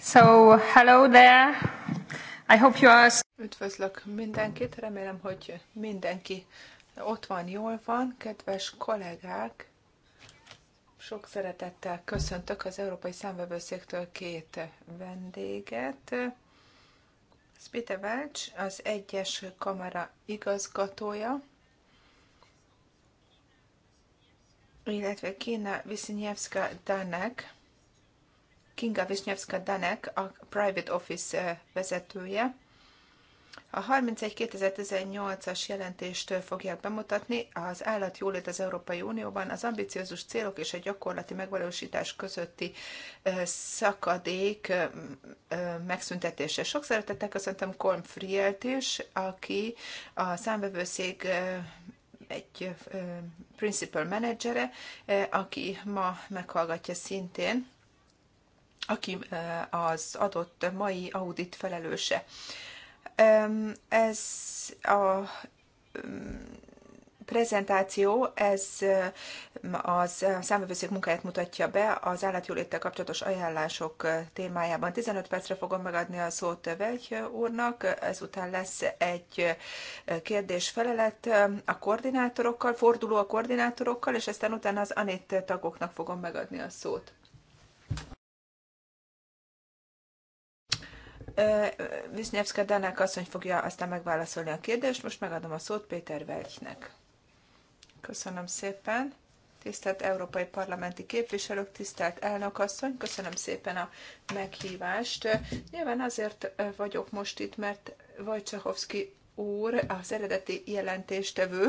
So, hello there. I hope you are... Üdvözlök mindenkit, remélem, hogy mindenki ott van, jól van, kedves kollégák. Sok szeretettel köszöntök az Európai Számvevőszéktől két vendéget. Spite Velcs, az egyes kamera igazgatója, illetve Kína Viszinyevska Danek, Kinga Wisniewska Danek, a Private Office vezetője. A 31-2018-as jelentést fogják bemutatni az állatjólét az Európai Unióban, az ambiciózus célok és a gyakorlati megvalósítás közötti szakadék megszüntetése. Sok szeretettel köszöntöm Kolm Frielt is, aki a számvevőszék egy principal menedzsere, aki ma meghallgatja szintén aki az adott mai audit felelőse. Ez a prezentáció, ez az számövőszék munkáját mutatja be az állatjóléttel kapcsolatos ajánlások témájában. 15 percre fogom megadni a szót Velgy úrnak, ezután lesz egy kérdés-felelet a koordinátorokkal, forduló a koordinátorokkal, és aztán utána az Anét tagoknak fogom megadni a szót. Visznyevszka Danák asszony fogja aztán megválaszolni a kérdést, most megadom a szót Péter Velchnek. Köszönöm szépen. Tisztelt Európai Parlamenti képviselők, tisztelt elnök asszony, köszönöm szépen a meghívást. Nyilván azért vagyok most itt, mert Wojciechowski úr, az eredeti jelentéstevő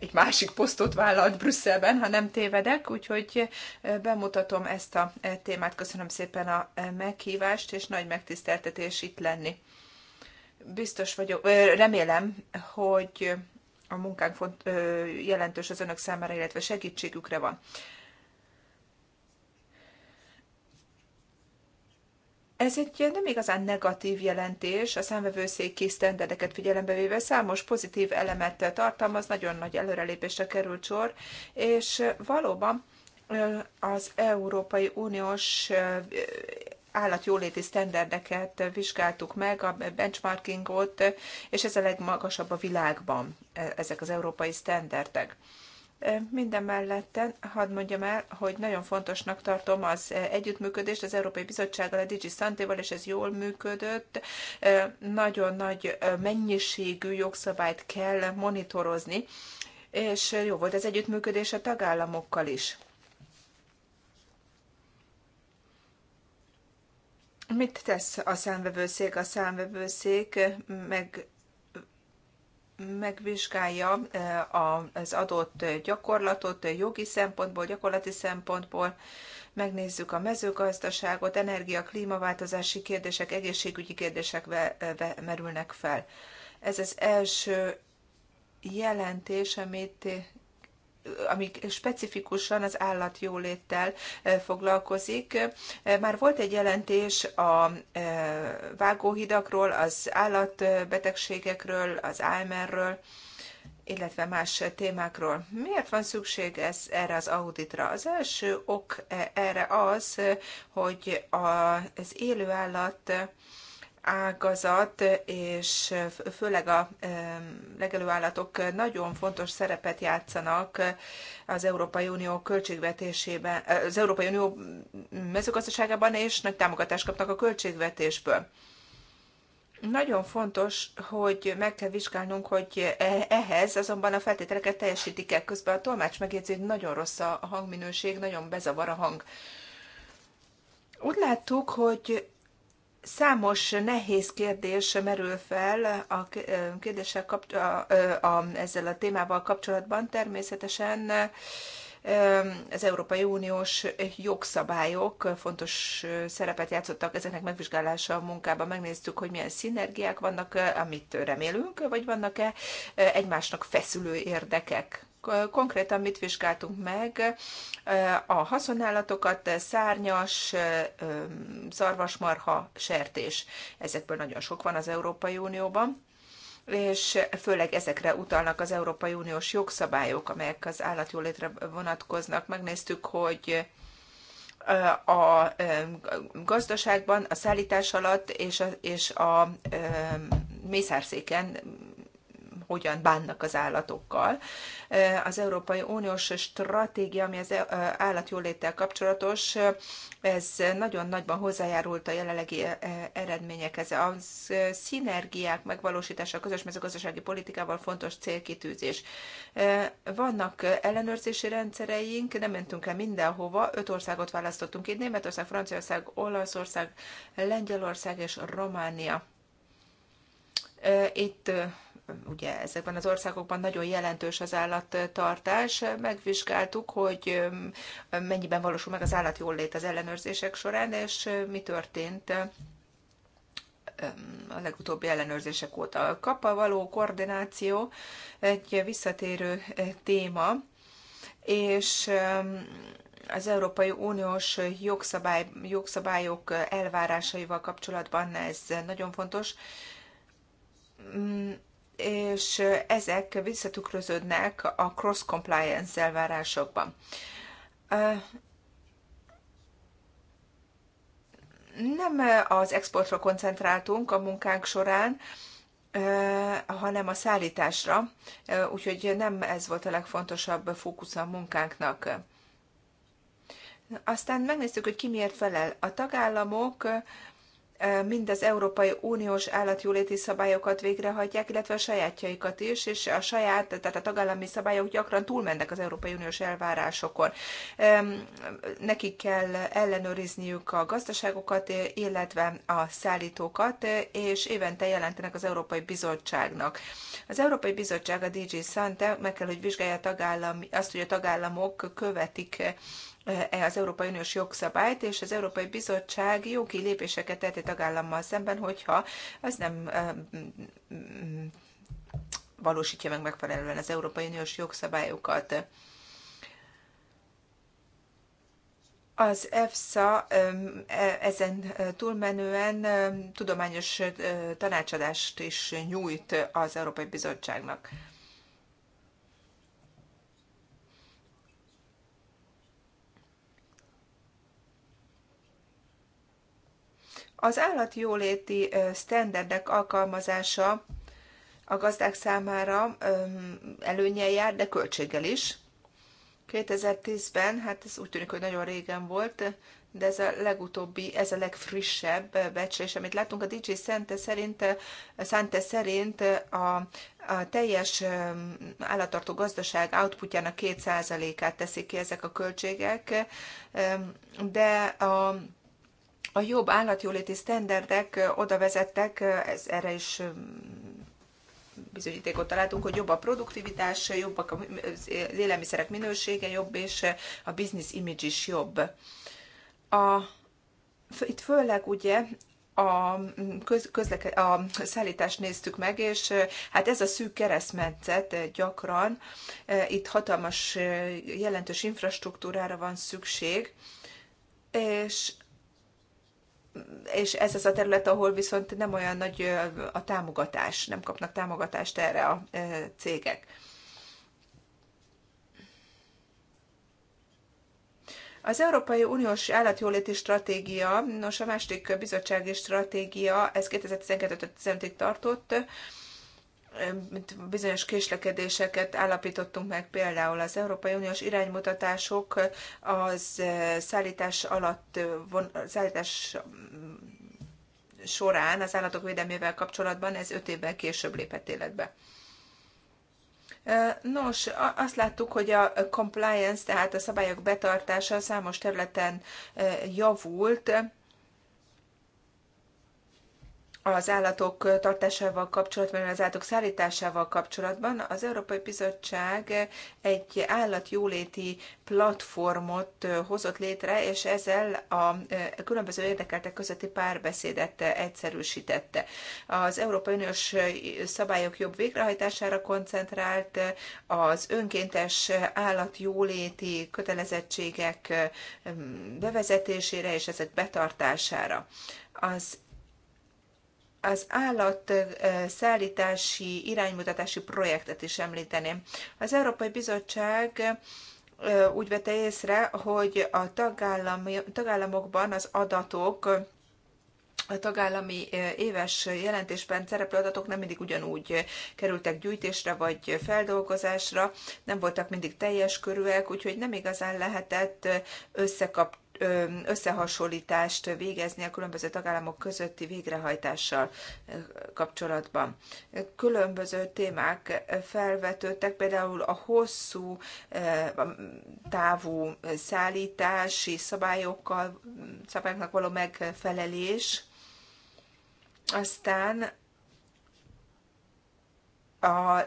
egy másik posztot vállalt Brüsszelben, ha nem tévedek, úgyhogy bemutatom ezt a e, témát. Köszönöm szépen a e, meghívást, és nagy megtiszteltetés itt lenni. Biztos vagyok, remélem, hogy a munkánk jelentős az önök számára, illetve segítségükre van. Ez egy nem igazán negatív jelentés, a kis sztenderdeket figyelembe véve számos pozitív elemet tartalmaz, nagyon nagy előrelépésre került sor, és valóban az Európai Uniós állatjóléti sztenderdeket vizsgáltuk meg, a benchmarkingot, és ez a legmagasabb a világban, e, ezek az európai sztenderdek. Minden melletten hadd mondjam el, hogy nagyon fontosnak tartom az együttműködést az Európai Bizottsággal, a Digi Santéval, és ez jól működött. Nagyon nagy mennyiségű jogszabályt kell monitorozni, és jó volt az együttműködés a tagállamokkal is. Mit tesz a számvevőszék? A számvevőszék meg megvizsgálja eh, az adott gyakorlatot eh, jogi szempontból, gyakorlati szempontból, megnézzük a mezőgazdaságot, energia, klímaváltozási kérdések, egészségügyi kérdések merülnek fel. Ez az első jelentés, amit amik specifikusan az állatjóléttel eh, foglalkozik. Eh, már volt egy jelentés a eh, vágóhidakról, az állatbetegségekről, az AMR-ről, illetve más témákról. Miért van szükség ez, erre az auditra? Az első ok erre az, hogy az élő állat ágazat, és főleg a legelőállatok nagyon fontos szerepet játszanak az Európai Unió költségvetésében, az Európai Unió mezőgazdaságában, és nagy támogatást kapnak a költségvetésből. Nagyon fontos, hogy meg kell vizsgálnunk, hogy e, ehhez azonban a feltételeket teljesítik-e. Közben a tolmács megjegyzi, hogy nagyon rossz a hangminőség, nagyon bezavar a hang. Úgy láttuk, hogy Számos nehéz kérdés merül fel a kérdéssel kapcs- a, a, a, ezzel a témával kapcsolatban. Természetesen az Európai Uniós jogszabályok fontos szerepet játszottak ezeknek megvizsgálása a munkában. Megnéztük, hogy milyen szinergiák vannak, amit remélünk, vagy vannak-e egymásnak feszülő érdekek konkrétan mit vizsgáltunk meg? A haszonállatokat, szárnyas, szarvasmarha, sertés. Ezekből nagyon sok van az Európai Unióban és főleg ezekre utalnak az Európai Uniós jogszabályok, amelyek az állatjólétre vonatkoznak. Megnéztük, hogy a gazdaságban, a szállítás alatt és a, és a mészárszéken hogyan bánnak az állatokkal. Az Európai Uniós stratégia, ami az állatjóléttel kapcsolatos, ez nagyon nagyban hozzájárult a jelenlegi eredményekhez. A szinergiák megvalósítása a közös mezőgazdasági politikával fontos célkitűzés. Vannak ellenőrzési rendszereink, nem mentünk el mindenhova, öt országot választottunk itt, Németország, Franciaország, Olaszország, Lengyelország és Románia. Itt ugye ezekben az országokban nagyon jelentős az állattartás. Megvizsgáltuk, hogy mennyiben valósul meg az állat lét az ellenőrzések során, és mi történt a legutóbbi ellenőrzések óta. A kapa való koordináció egy visszatérő téma, és az Európai Uniós jogszabály, jogszabályok elvárásaival kapcsolatban ez nagyon fontos mm, és ezek visszatükröződnek a cross-compliance elvárásokban. Nem az exportra koncentráltunk a munkánk során, hanem a szállításra, úgyhogy nem ez volt a legfontosabb fókusz a munkánknak. Aztán megnéztük, hogy ki miért felel. A tagállamok mind az Európai Uniós állatjóléti szabályokat végrehajtják, illetve a sajátjaikat is, és a saját, tehát a tagállami szabályok gyakran túlmennek az Európai Uniós elvárásokon. Nekik kell ellenőrizniük a gazdaságokat, illetve a szállítókat, és évente jelentenek az Európai Bizottságnak. Az Európai Bizottság a DG Sante meg kell, hogy vizsgálja a tagállami, azt, hogy a tagállamok követik E, az Európai Uniós jogszabályt, és az Európai Bizottság jogi lépéseket tett tagállammal szemben, hogyha az nem e, valósítja meg megfelelően az Európai Uniós jogszabályokat. Az EFSA e, ezen túlmenően tudományos tanácsadást is nyújt az Európai Bizottságnak. Az állatjóléti sztenderdek alkalmazása a gazdák számára előnyel jár, de költséggel is. 2010-ben, hát ez úgy tűnik, hogy nagyon régen volt, de ez a legutóbbi, ez a legfrissebb becslés, amit látunk. A DJ Szente szerint, Szente szerint a, a teljes állattartó gazdaság outputjának 2%-át teszik ki ezek a költségek, de a a jobb állatjóléti sztenderdek oda vezettek, ez, erre is bizonyítékot találtunk, hogy jobb a produktivitás, jobbak az élelmiszerek minősége, jobb, és a business image is jobb. A, itt főleg ugye a, mm, köz, közleke, a szállítást néztük meg, és hát ez a szűk keresztmetszet gyakran, itt hatalmas, jelentős infrastruktúrára van szükség, és és ez az a terület, ahol viszont nem olyan nagy a támogatás, nem kapnak támogatást erre a cégek. Az Európai Uniós Állatjóléti Stratégia, nos a második bizottsági stratégia, ez 2012-15-ig tartott, bizonyos késlekedéseket állapítottunk meg például az Európai Uniós iránymutatások az eh, szállítás alatt, eh, szállítás mm, során az állatok védelmével kapcsolatban ez öt évvel később lépett életbe. Eh, nos, azt láttuk, hogy a compliance, tehát a szabályok betartása számos területen javult, az állatok tartásával kapcsolatban, az állatok szállításával kapcsolatban az Európai Bizottság egy állatjóléti platformot hozott létre, és ezzel a különböző érdekeltek közötti párbeszédet egyszerűsítette. Az Európai Uniós szabályok jobb végrehajtására koncentrált, az önkéntes állatjóléti kötelezettségek mm, bevezetésére és ezek betartására. Az az szállítási iránymutatási projektet is említeném. Az Európai Bizottság úgy vette észre, hogy a tagállami, tagállamokban az adatok a tagállami éves jelentésben szereplő adatok nem mindig ugyanúgy kerültek gyűjtésre vagy feldolgozásra, nem voltak mindig teljes körűek, úgyhogy nem igazán lehetett összekapcsolni összehasonlítást végezni a különböző tagállamok közötti végrehajtással kapcsolatban. Különböző témák felvetődtek, például a hosszú távú szállítási szabályokkal, szabályoknak való megfelelés, aztán a,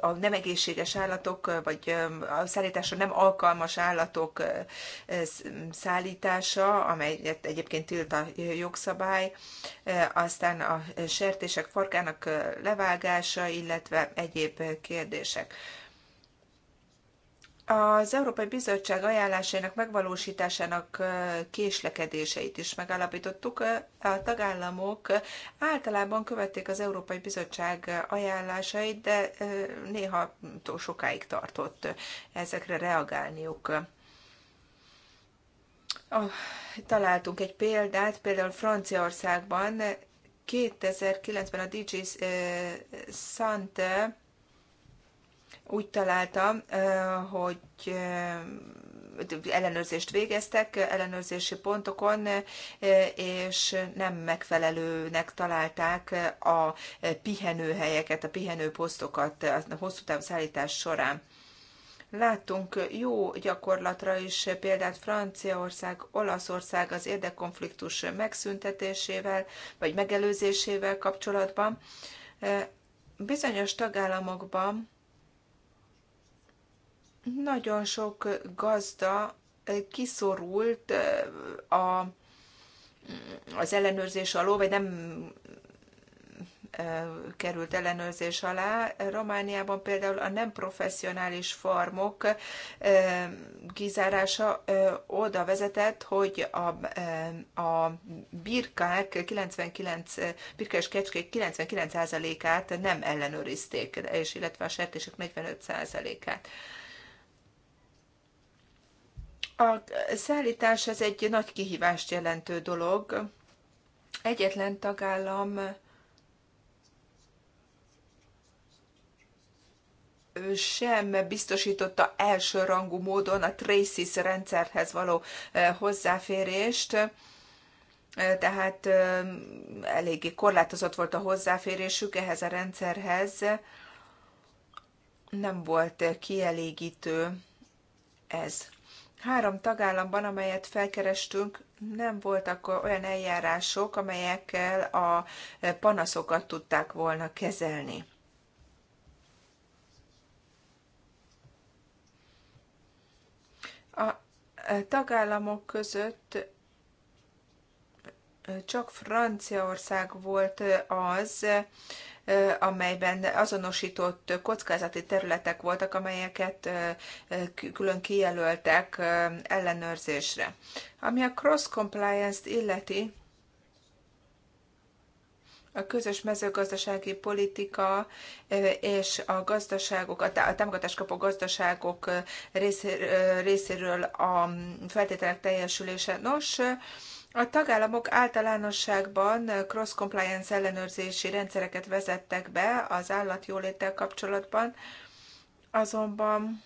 a nem egészséges állatok, vagy a szállításra nem alkalmas állatok szállítása, amelyet egyébként tilt a jogszabály, aztán a sertések farkának levágása, illetve egyéb kérdések az Európai Bizottság ajánlásainak megvalósításának késlekedéseit is megállapítottuk. A tagállamok általában követték az Európai Bizottság ajánlásait, de néha túl sokáig tartott ezekre reagálniuk. Találtunk egy példát, például Franciaországban 2009-ben a DG Sante úgy találta, hogy ellenőrzést végeztek ellenőrzési pontokon, és nem megfelelőnek találták a pihenőhelyeket, a pihenőposztokat a hosszú távú szállítás során. Láttunk jó gyakorlatra is példát Franciaország, Olaszország az érdekkonfliktus megszüntetésével vagy megelőzésével kapcsolatban. Bizonyos tagállamokban nagyon sok gazda kiszorult a, az ellenőrzés alól, vagy nem került ellenőrzés alá. Romániában például a nem professzionális farmok kizárása oda vezetett, hogy a, a birkák 99, birka és kecskék 99%-át nem ellenőrizték, és illetve a sertések 45%-át. A szállítás az egy nagy kihívást jelentő dolog. Egyetlen tagállam sem biztosította elsőrangú módon a Traces rendszerhez való hozzáférést, tehát eléggé korlátozott volt a hozzáférésük ehhez a rendszerhez, nem volt kielégítő ez. Három tagállamban, amelyet felkerestünk, nem voltak olyan eljárások, amelyekkel a e, panaszokat tudták volna kezelni. A e, tagállamok között e, csak Franciaország volt az, amelyben azonosított kockázati területek voltak, amelyeket külön kijelöltek ellenőrzésre. Ami a cross-compliance-t illeti, a közös mezőgazdasági politika és a gazdaságok, a támogatást kapó gazdaságok részéről a feltételek teljesülése. Nos, a tagállamok általánosságban cross-compliance ellenőrzési rendszereket vezettek be az állatjóléttel kapcsolatban, azonban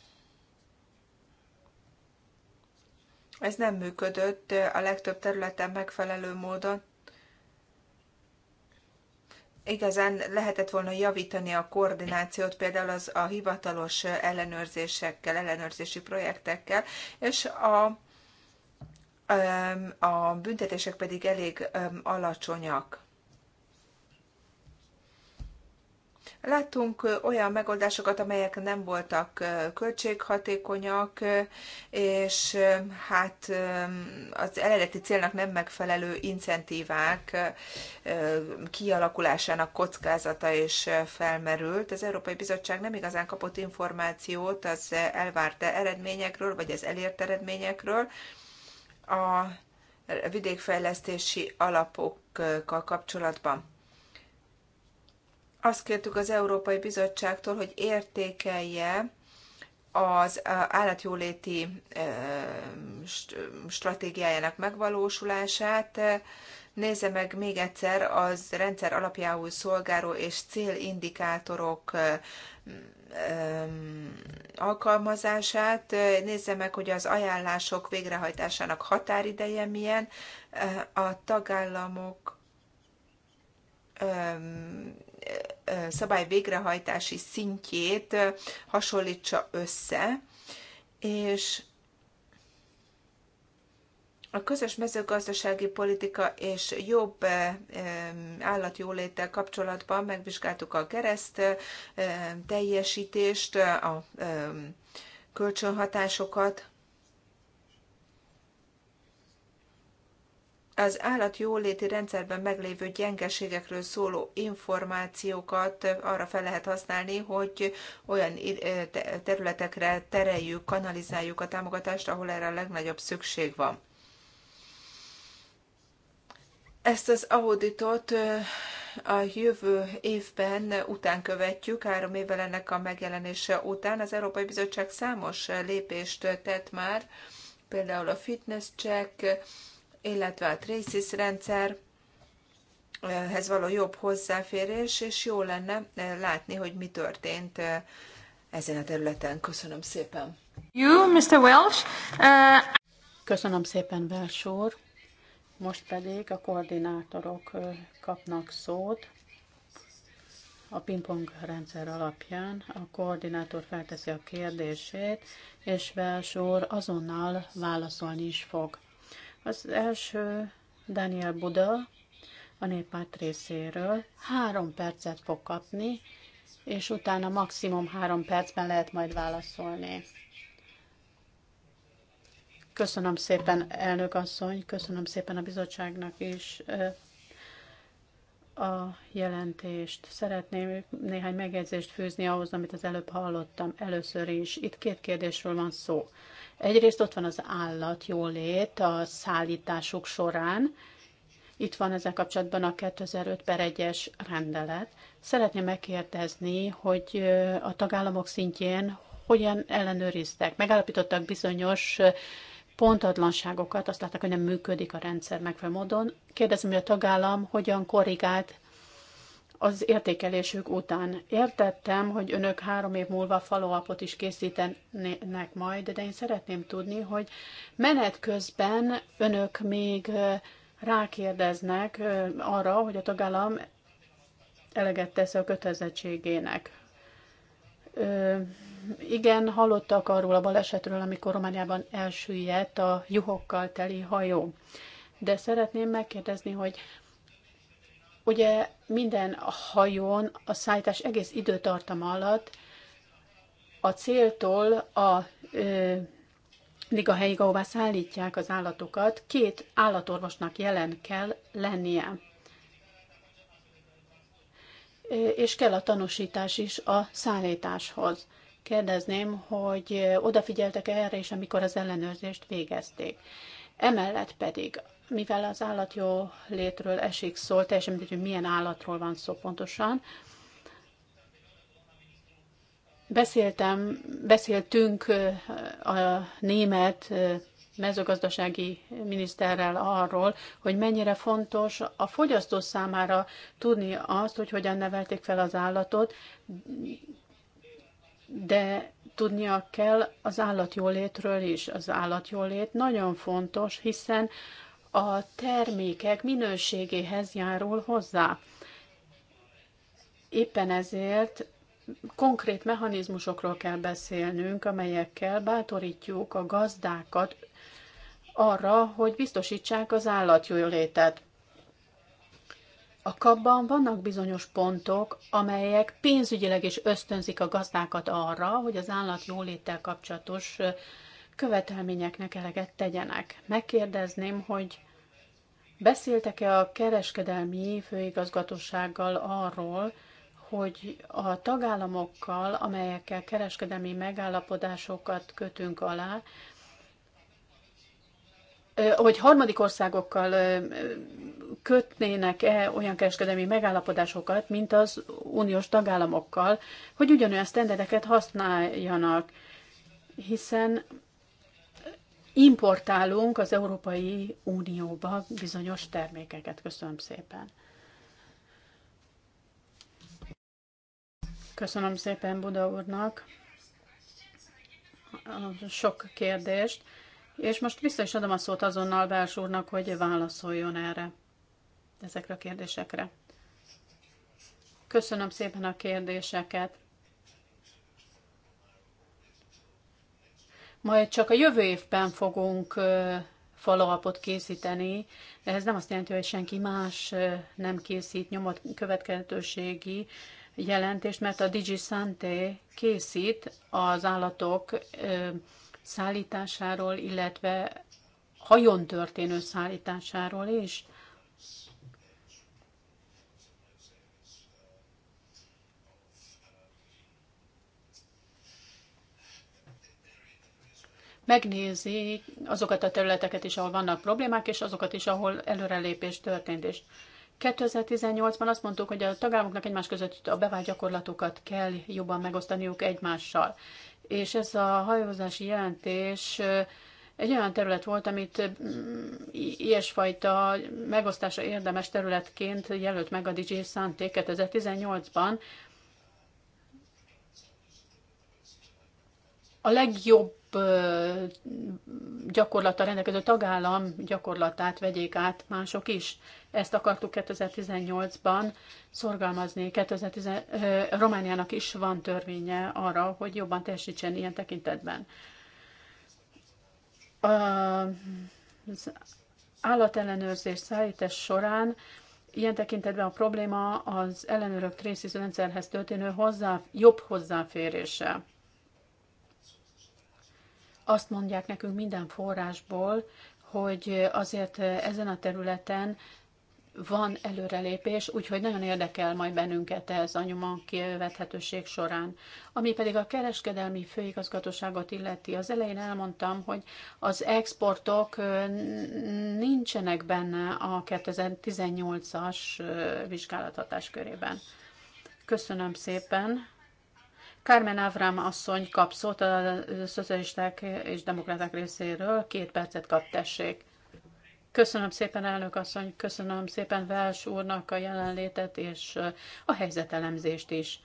ez nem működött a legtöbb területen megfelelő módon. Igazán lehetett volna javítani a koordinációt például az a hivatalos ellenőrzésekkel, ellenőrzési projektekkel, és a a büntetések pedig elég alacsonyak. Láttunk olyan megoldásokat, amelyek nem voltak költséghatékonyak, és hát az eredeti célnak nem megfelelő incentívák kialakulásának kockázata is felmerült. Az Európai Bizottság nem igazán kapott információt az elvárt eredményekről, vagy az elért eredményekről, a vidékfejlesztési alapokkal kapcsolatban. Azt kértük az Európai Bizottságtól, hogy értékelje az állatjóléti stratégiájának megvalósulását, nézze meg még egyszer az rendszer alapjául szolgáló és célindikátorok alkalmazását, nézze meg, hogy az ajánlások végrehajtásának határideje milyen, a tagállamok szabály végrehajtási szintjét hasonlítsa össze, és a közös mezőgazdasági politika és jobb eh, állatjóléttel kapcsolatban megvizsgáltuk a kereszt eh, teljesítést, a kölcsönhatásokat. Az állatjóléti rendszerben meglévő gyengeségekről szóló információkat arra fel lehet használni, hogy olyan eh, területekre tereljük, kanalizáljuk a támogatást, ahol erre a legnagyobb szükség van. Ezt az auditot a jövő évben után követjük, három évvel ennek a megjelenése után. Az Európai Bizottság számos lépést tett már, például a fitness check, illetve a Traces rendszer, ez való jobb hozzáférés, és jó lenne látni, hogy mi történt ezen a területen. Köszönöm szépen. You, Mr. Welsh. Uh... Köszönöm szépen, Welsh úr. Most pedig a koordinátorok kapnak szót a pingpong rendszer alapján. A koordinátor felteszi a kérdését, és Velsor azonnal válaszolni is fog. Az első Daniel Buda a néppárt részéről három percet fog kapni, és utána maximum három percben lehet majd válaszolni. Köszönöm szépen, elnök asszony, köszönöm szépen a bizottságnak is eh, a jelentést. Szeretném néhány megjegyzést fűzni ahhoz, amit az előbb hallottam először is. Itt két kérdésről van szó. Egyrészt ott van az állat jólét a szállításuk során. Itt van ezzel kapcsolatban a 2005 per 1-es rendelet. Szeretném megkérdezni, hogy eh, a tagállamok szintjén hogyan ellenőriztek. Megállapítottak bizonyos eh, pontatlanságokat, azt látták, hogy nem működik a rendszer megfelelő módon. Kérdezem, hogy a tagállam hogyan korrigált az értékelésük után. Értettem, hogy önök három év múlva follow is készítenek majd, de én szeretném tudni, hogy menet közben önök még rákérdeznek arra, hogy a tagállam eleget tesz a kötelezettségének igen, hallottak arról a balesetről, amikor Romániában elsüllyedt a juhokkal teli hajó. De szeretném megkérdezni, hogy ugye minden hajón a szállítás egész időtartama alatt a céltól a ö, helyig, ahová szállítják az állatokat, két állatorvosnak jelen kell lennie. És kell a tanúsítás is a szállításhoz. Kérdezném, hogy odafigyeltek erre és amikor az ellenőrzést végezték. Emellett pedig, mivel az állatjó létről esik szó, teljesen mindegy, hogy milyen állatról van szó pontosan, beszéltem, beszéltünk a német mezőgazdasági miniszterrel arról, hogy mennyire fontos a fogyasztó számára tudni azt, hogy hogyan nevelték fel az állatot, de tudnia kell az állatjólétről is. Az állatjólét nagyon fontos, hiszen a termékek minőségéhez járul hozzá. Éppen ezért konkrét mechanizmusokról kell beszélnünk, amelyekkel bátorítjuk a gazdákat arra, hogy biztosítsák az állatjólétet. A kapban vannak bizonyos pontok, amelyek pénzügyileg is ösztönzik a gazdákat arra, hogy az állat jóléttel kapcsolatos követelményeknek eleget tegyenek. Megkérdezném, hogy beszéltek-e a kereskedelmi főigazgatósággal arról, hogy a tagállamokkal, amelyekkel kereskedelmi megállapodásokat kötünk alá, hogy harmadik országokkal kötnének-e olyan kereskedelmi megállapodásokat, mint az uniós tagállamokkal, hogy ugyanolyan sztendereket használjanak, hiszen importálunk az Európai Unióba bizonyos termékeket. Köszönöm szépen. Köszönöm szépen Buda úrnak sok kérdést, és most vissza is adom a szót azonnal Bárs úrnak, hogy válaszoljon erre ezekre a kérdésekre. Köszönöm szépen a kérdéseket. Majd csak a jövő évben fogunk falapot készíteni, de ez nem azt jelenti, hogy senki más nem készít nyomot következőségi jelentést, mert a DigiSante készít az állatok szállításáról, illetve hajon történő szállításáról is. megnézi azokat a területeket is, ahol vannak problémák, és azokat is, ahol előrelépés történt. És 2018-ban azt mondtuk, hogy a tagállamoknak egymás között a bevált gyakorlatokat kell jobban megosztaniuk egymással. És ez a hajózási jelentés egy olyan terület volt, amit ilyesfajta megosztása érdemes területként jelölt meg a DJ Santé 2018-ban, a legjobb gyakorlata rendelkező tagállam gyakorlatát vegyék át mások is. Ezt akartuk 2018-ban szorgalmazni. 2010, Romániának is van törvénye arra, hogy jobban teljesítsen ilyen tekintetben. Az állatellenőrzés szállítás során ilyen tekintetben a probléma az ellenőrök rendszerhez történő hozzá, jobb hozzáférése azt mondják nekünk minden forrásból, hogy azért ezen a területen van előrelépés, úgyhogy nagyon érdekel majd bennünket ez a nyomon kivethetőség során. Ami pedig a kereskedelmi főigazgatóságot illeti, az elején elmondtam, hogy az exportok nincsenek benne a 2018-as vizsgálathatás körében. Köszönöm szépen! Carmen Avram asszony kap szót a szocialisták és demokraták részéről. Két percet kap, tessék. Köszönöm szépen, elnök asszony, köszönöm szépen Vels úrnak a jelenlétet és a helyzetelemzést is.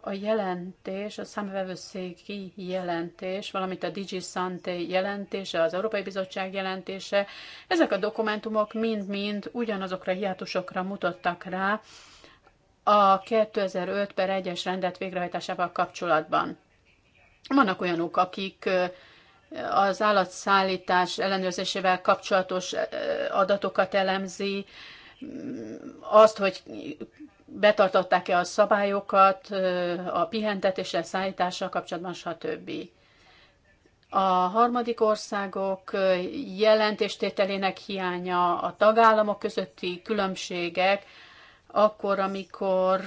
A jelentés, a számvevőszéki jelentés, valamint a Digi Sante jelentése, az Európai Bizottság jelentése, ezek a dokumentumok mind-mind ugyanazokra a hiátusokra mutattak rá, a 2005 per 1-es rendet végrehajtásával kapcsolatban. Vannak olyanok, akik az állatszállítás ellenőrzésével kapcsolatos adatokat elemzi, mm, azt, hogy betartották-e a szabályokat, a pihentetésre, szállítással kapcsolatban, stb. A harmadik országok jelentéstételének hiánya, a tagállamok közötti különbségek, akkor, amikor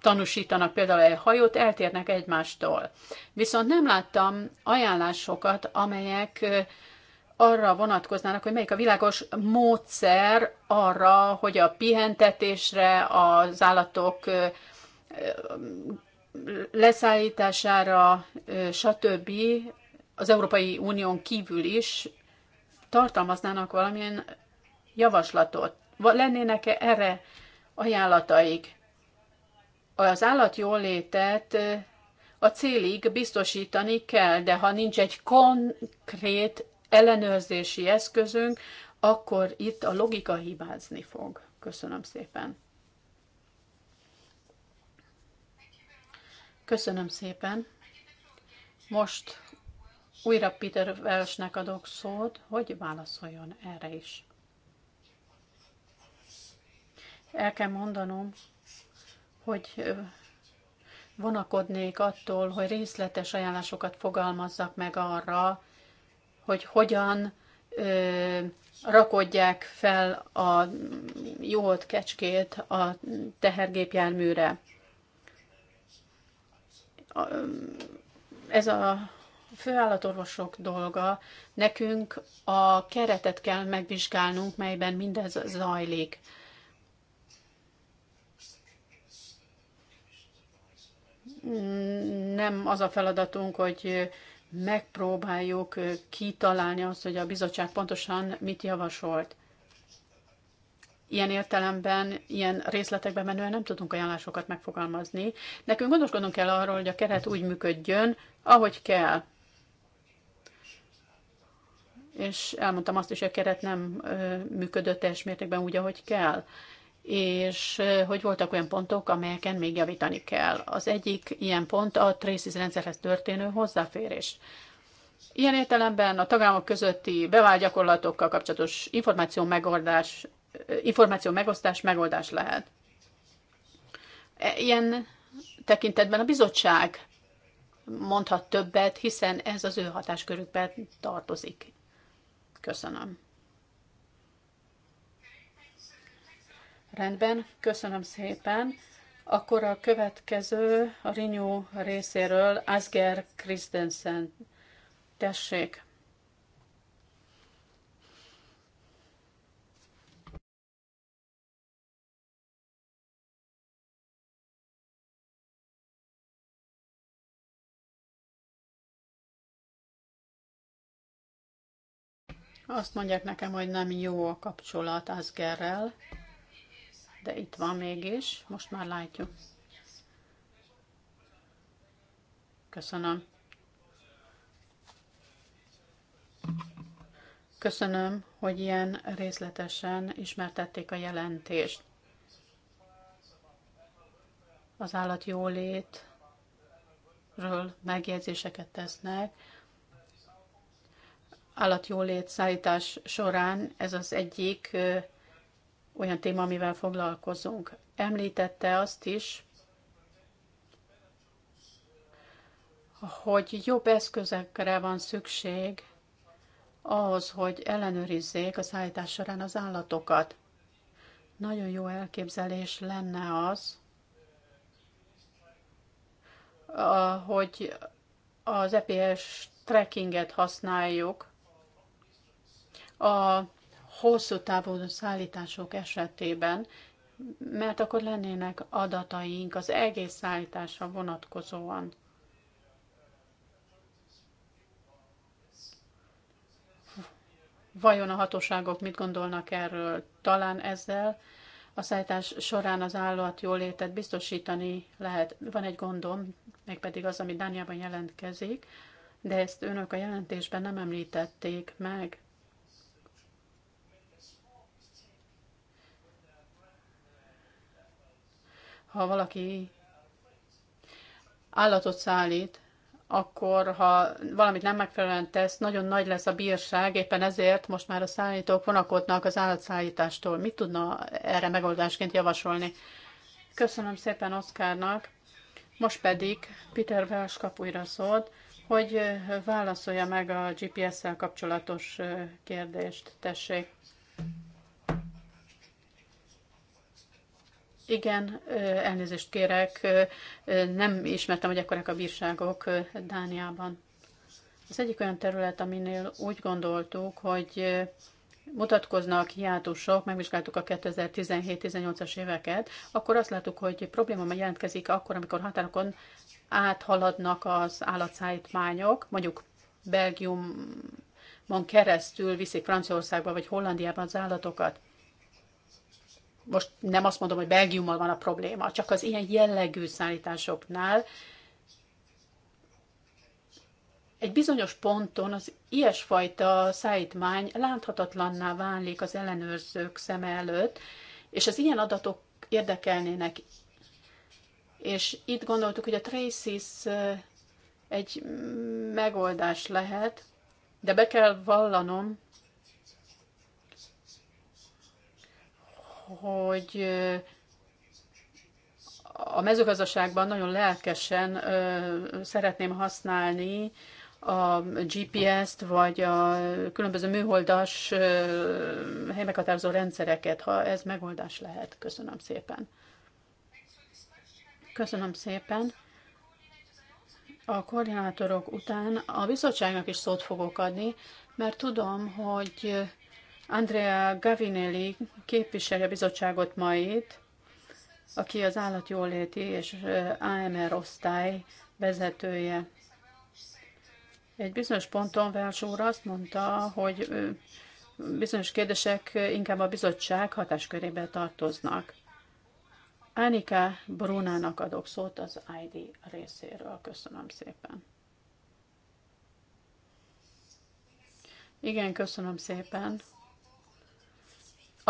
tanúsítanak például egy hajót, eltérnek egymástól. Viszont nem láttam ajánlásokat, amelyek arra vonatkoznának, hogy melyik a világos módszer arra, hogy a pihentetésre, az állatok leszállítására, stb. az Európai Unión kívül is tartalmaznának valamilyen javaslatot. Lennének-e erre ajánlataik? Az állat jólétet eh, a célig biztosítani kell, de ha nincs egy konkrét ellenőrzési eszközünk, akkor itt a logika hibázni fog. Köszönöm szépen. Köszönöm szépen. Most újra Peter Welsnek adok szót, hogy válaszoljon erre is. El kell mondanom, hogy vonakodnék attól, hogy részletes ajánlásokat fogalmazzak meg arra, hogy hogyan ö, rakodják fel a jót kecskét a tehergépjárműre. Ez a főállatorvosok dolga, nekünk a keretet kell megvizsgálnunk, melyben mindez zajlik. nem az a feladatunk, hogy megpróbáljuk kitalálni azt, hogy a bizottság pontosan mit javasolt. Ilyen értelemben, ilyen részletekben menően nem tudunk ajánlásokat megfogalmazni. Nekünk gondoskodnunk kell arról, hogy a keret úgy működjön, ahogy kell. És elmondtam azt is, hogy a keret nem működött teljes mértékben úgy, ahogy kell és hogy voltak olyan pontok, amelyeken még javítani kell. Az egyik ilyen pont a Traces rendszerhez történő hozzáférés. Ilyen értelemben a tagállamok közötti bevált gyakorlatokkal kapcsolatos információ, megoldás, információ megosztás megoldás lehet. E, ilyen tekintetben a bizottság mondhat többet, hiszen ez az ő hatáskörükben tartozik. Köszönöm. Rendben, köszönöm szépen. Akkor a következő a Rinyó részéről Asger Christensen. Tessék. Azt mondják nekem, hogy nem jó a kapcsolat Asgerrel de itt van mégis, most már látjuk. Köszönöm. Köszönöm, hogy ilyen részletesen ismertették a jelentést. Az állatjólétről megjegyzéseket tesznek. Állatjólét szállítás során ez az egyik olyan téma, amivel foglalkozunk. Említette azt is, hogy jobb eszközekre van szükség ahhoz, hogy ellenőrizzék a szállítás során az állatokat. Nagyon jó elképzelés lenne az, hogy az EPS trackinget használjuk a hosszú távú szállítások esetében, mert akkor lennének adataink az egész szállításra vonatkozóan. Vajon a hatóságok mit gondolnak erről? Talán ezzel a szállítás során az állat jólétet biztosítani lehet. Van egy gondom, mégpedig az, ami Dániában jelentkezik, de ezt önök a jelentésben nem említették meg. Ha valaki állatot szállít, akkor ha valamit nem megfelelően tesz, nagyon nagy lesz a bírság, éppen ezért most már a szállítók vonakodnak az állatszállítástól. Mit tudna erre megoldásként javasolni? Köszönöm szépen Oszkárnak, most pedig Peter Wells kap újra hogy válaszolja meg a GPS-szel kapcsolatos kérdést. Tessék! Igen, elnézést kérek, nem ismertem, hogy ekkorek a bírságok Dániában. Az egyik olyan terület, aminél úgy gondoltuk, hogy mutatkoznak hiátusok, megvizsgáltuk a 2017-18-as éveket, akkor azt láttuk, hogy probléma jelentkezik akkor, amikor határokon áthaladnak az állatszállítmányok, mondjuk Belgiumon keresztül viszik Franciaországba vagy Hollandiába az állatokat most nem azt mondom, hogy Belgiummal van a probléma, csak az ilyen jellegű szállításoknál egy bizonyos ponton az ilyesfajta szállítmány láthatatlanná válik az ellenőrzők szem előtt, és az ilyen adatok érdekelnének. És itt gondoltuk, hogy a Traces egy megoldás lehet, de be kell vallanom, hogy a mezőgazdaságban nagyon lelkesen szeretném használni a GPS-t, vagy a különböző műholdas helymeghatározó rendszereket, ha ez megoldás lehet. Köszönöm szépen. Köszönöm szépen. A koordinátorok után a bizottságnak is szót fogok adni, mert tudom, hogy Andrea Gavinelli képviseli a bizottságot ma itt, aki az állatjóléti és AMR osztály vezetője. Egy bizonyos ponton Vels úr azt mondta, hogy bizonyos kérdések inkább a bizottság hatáskörébe tartoznak. Ánika Brunának adok szót az ID részéről. Köszönöm szépen. Igen, köszönöm szépen.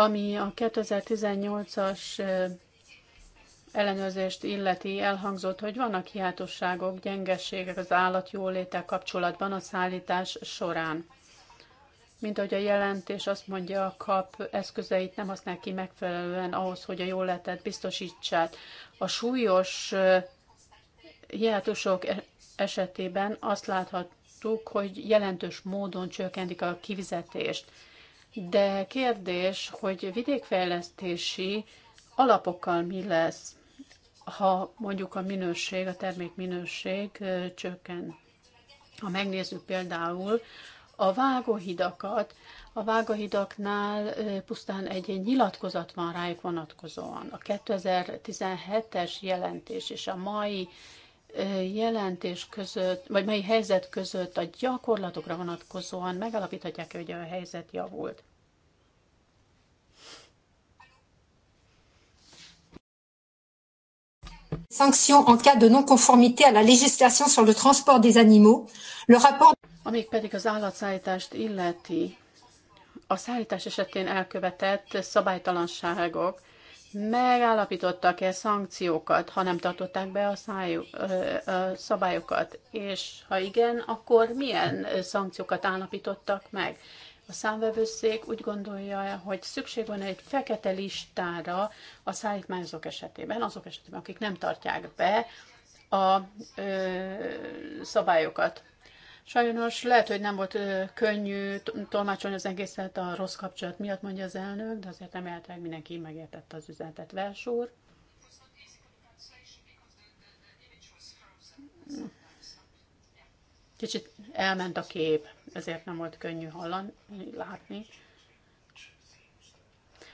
Ami a 2018-as ellenőrzést illeti, elhangzott, hogy vannak hiátosságok, gyengességek az állatjóléte kapcsolatban a szállítás során. Mint ahogy a jelentés azt mondja, a kap eszközeit nem használ ki megfelelően ahhoz, hogy a jólétet biztosítsák. A súlyos hiátusok e- esetében azt láthattuk, hogy jelentős módon csökkentik a kivizetést de kérdés, hogy vidékfejlesztési alapokkal mi lesz, ha mondjuk a minőség, a termék minőség csökken. Ha megnézzük például a vágóhidakat, a vágóhidaknál pusztán egy nyilatkozat van rájuk vonatkozóan. A 2017-es jelentés és a mai jelentés között, vagy mely helyzet között a gyakorlatokra vonatkozóan megalapíthatják, hogy a helyzet javult? Sanctions en cas de non-conformité à la législation sur le transport des animaux. Le rapport... Amíg pedig az állatszállítást illeti, a szállítás esetén elkövetett szabálytalanságok megállapítottak-e szankciókat, ha nem tartották be a, szájú, a szabályokat, és ha igen, akkor milyen szankciókat állapítottak meg. A számvevőszék úgy gondolja, hogy szükség van egy fekete listára a szállítmányozók esetében, azok esetében, akik nem tartják be a ö, szabályokat. Sajnos lehet, hogy nem volt könnyű tolmácsolni az egészet a rossz kapcsolat miatt, mondja az elnök, de azért emeltek mindenki megértette az üzenetet. Versúr. Kicsit elment a kép, ezért nem volt könnyű hallani, látni.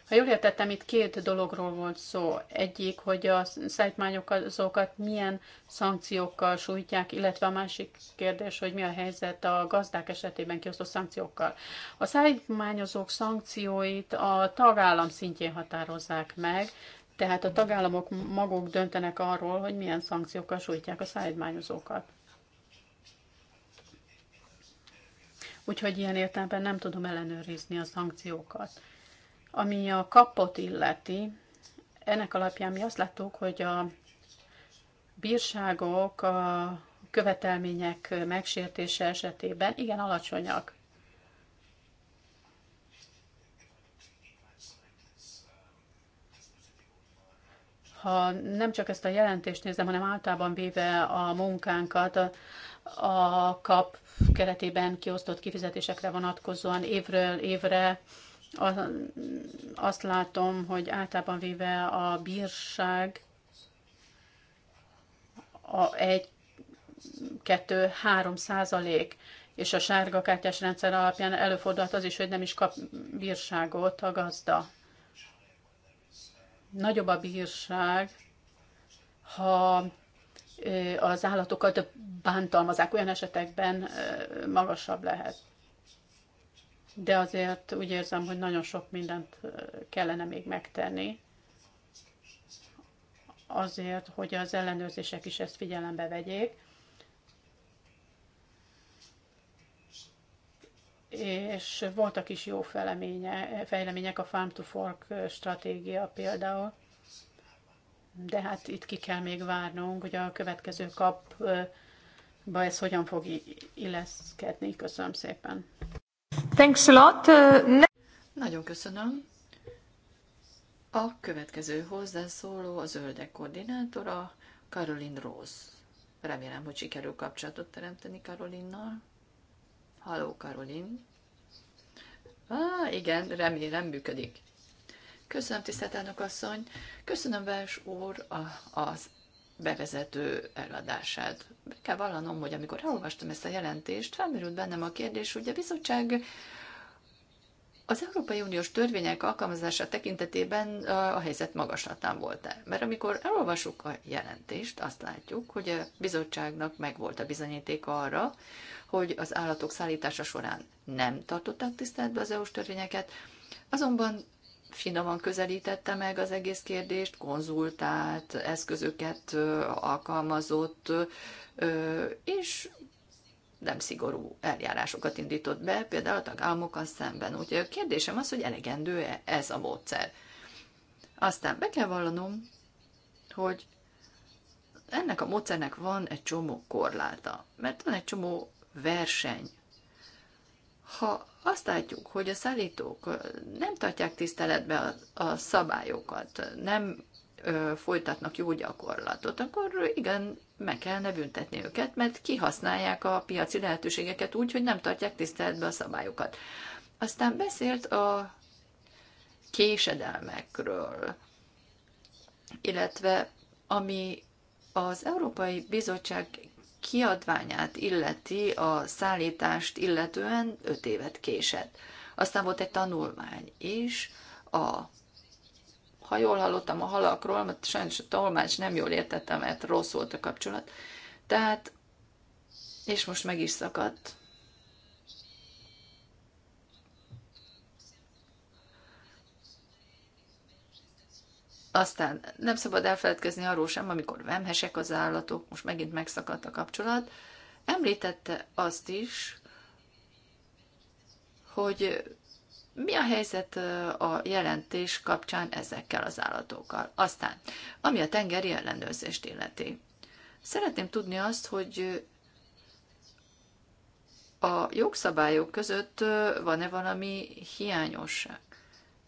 Ha jól értettem, itt két dologról volt szó. Egyik, hogy a szájtmányok azokat milyen szankciókkal sújtják, illetve a másik kérdés, hogy mi a helyzet a gazdák esetében kiosztott szankciókkal. A szájtmányozók szankcióit a tagállam szintjén határozzák meg, tehát a tagállamok maguk döntenek arról, hogy milyen szankciókkal sújtják a szájtmányozókat. Úgyhogy ilyen értelemben nem tudom ellenőrizni a szankciókat. Ami a kapot illeti, ennek alapján mi azt láttuk, hogy a bírságok a követelmények megsértése esetében igen alacsonyak. Ha nem csak ezt a jelentést nézem, hanem általában véve a munkánkat, a, kap keretében kiosztott kifizetésekre vonatkozóan évről évre azt látom, hogy általában véve a bírság a 1, 2, 3 százalék, és a sárga kártyás rendszer alapján előfordulhat az is, hogy nem is kap bírságot a gazda. Nagyobb a bírság, ha az állatokat bántalmazák, olyan esetekben magasabb lehet de azért úgy érzem, hogy nagyon sok mindent kellene még megtenni, azért, hogy az ellenőrzések is ezt figyelembe vegyék. És voltak is jó fejlemények, a Farm to Fork stratégia például, de hát itt ki kell még várnunk, hogy a következő kapba ez hogyan fog illeszkedni. Köszönöm szépen! Thanks a lot. Uh, Nagyon köszönöm. A következő hozzászóló a zöldek koordinátora, Karolin Rose. Remélem, hogy sikerül kapcsolatot teremteni Karolinnal. Halló, Karolin. Ah, igen, remélem működik. Köszönöm, tisztelt elnök asszony. Köszönöm, Vers úr, a, az bevezető előadását. Be kell vallanom, hogy amikor elolvastam ezt a jelentést, felmerült bennem a kérdés, hogy a bizottság az Európai Uniós törvények alkalmazása tekintetében a helyzet magaslatán volt-e? Mert amikor elolvasuk a jelentést, azt látjuk, hogy a bizottságnak megvolt a bizonyítéka arra, hogy az állatok szállítása során nem tartották tiszteletbe az EU-s törvényeket, azonban finoman közelítette meg az egész kérdést, konzultált, eszközöket alkalmazott, és nem szigorú eljárásokat indított be, például a tagállamokkal szemben. Úgyhogy a kérdésem az, hogy elegendő -e ez a módszer. Aztán be kell vallanom, hogy ennek a módszernek van egy csomó korláta, mert van egy csomó verseny, ha azt látjuk, hogy a szállítók nem tartják tiszteletbe a, a szabályokat, nem ö, folytatnak jó gyakorlatot, akkor igen, meg kellene büntetni őket, mert kihasználják a piaci lehetőségeket úgy, hogy nem tartják tiszteletbe a szabályokat. Aztán beszélt a késedelmekről, illetve ami az Európai Bizottság kiadványát illeti, a szállítást illetően 5 évet késett. Aztán volt egy tanulmány is, a, ha jól hallottam a halakról, mert sajnos a tanulmányt nem jól értettem, mert rossz volt a kapcsolat, tehát, és most meg is szakadt, Aztán nem szabad elfeledkezni arról sem, amikor vemhesek az állatok, most megint megszakadt a kapcsolat. Említette azt is, hogy mi a helyzet a jelentés kapcsán ezekkel az állatokkal. Aztán, ami a tengeri ellenőrzést illeti. Szeretném tudni azt, hogy a jogszabályok között van-e valami hiányosság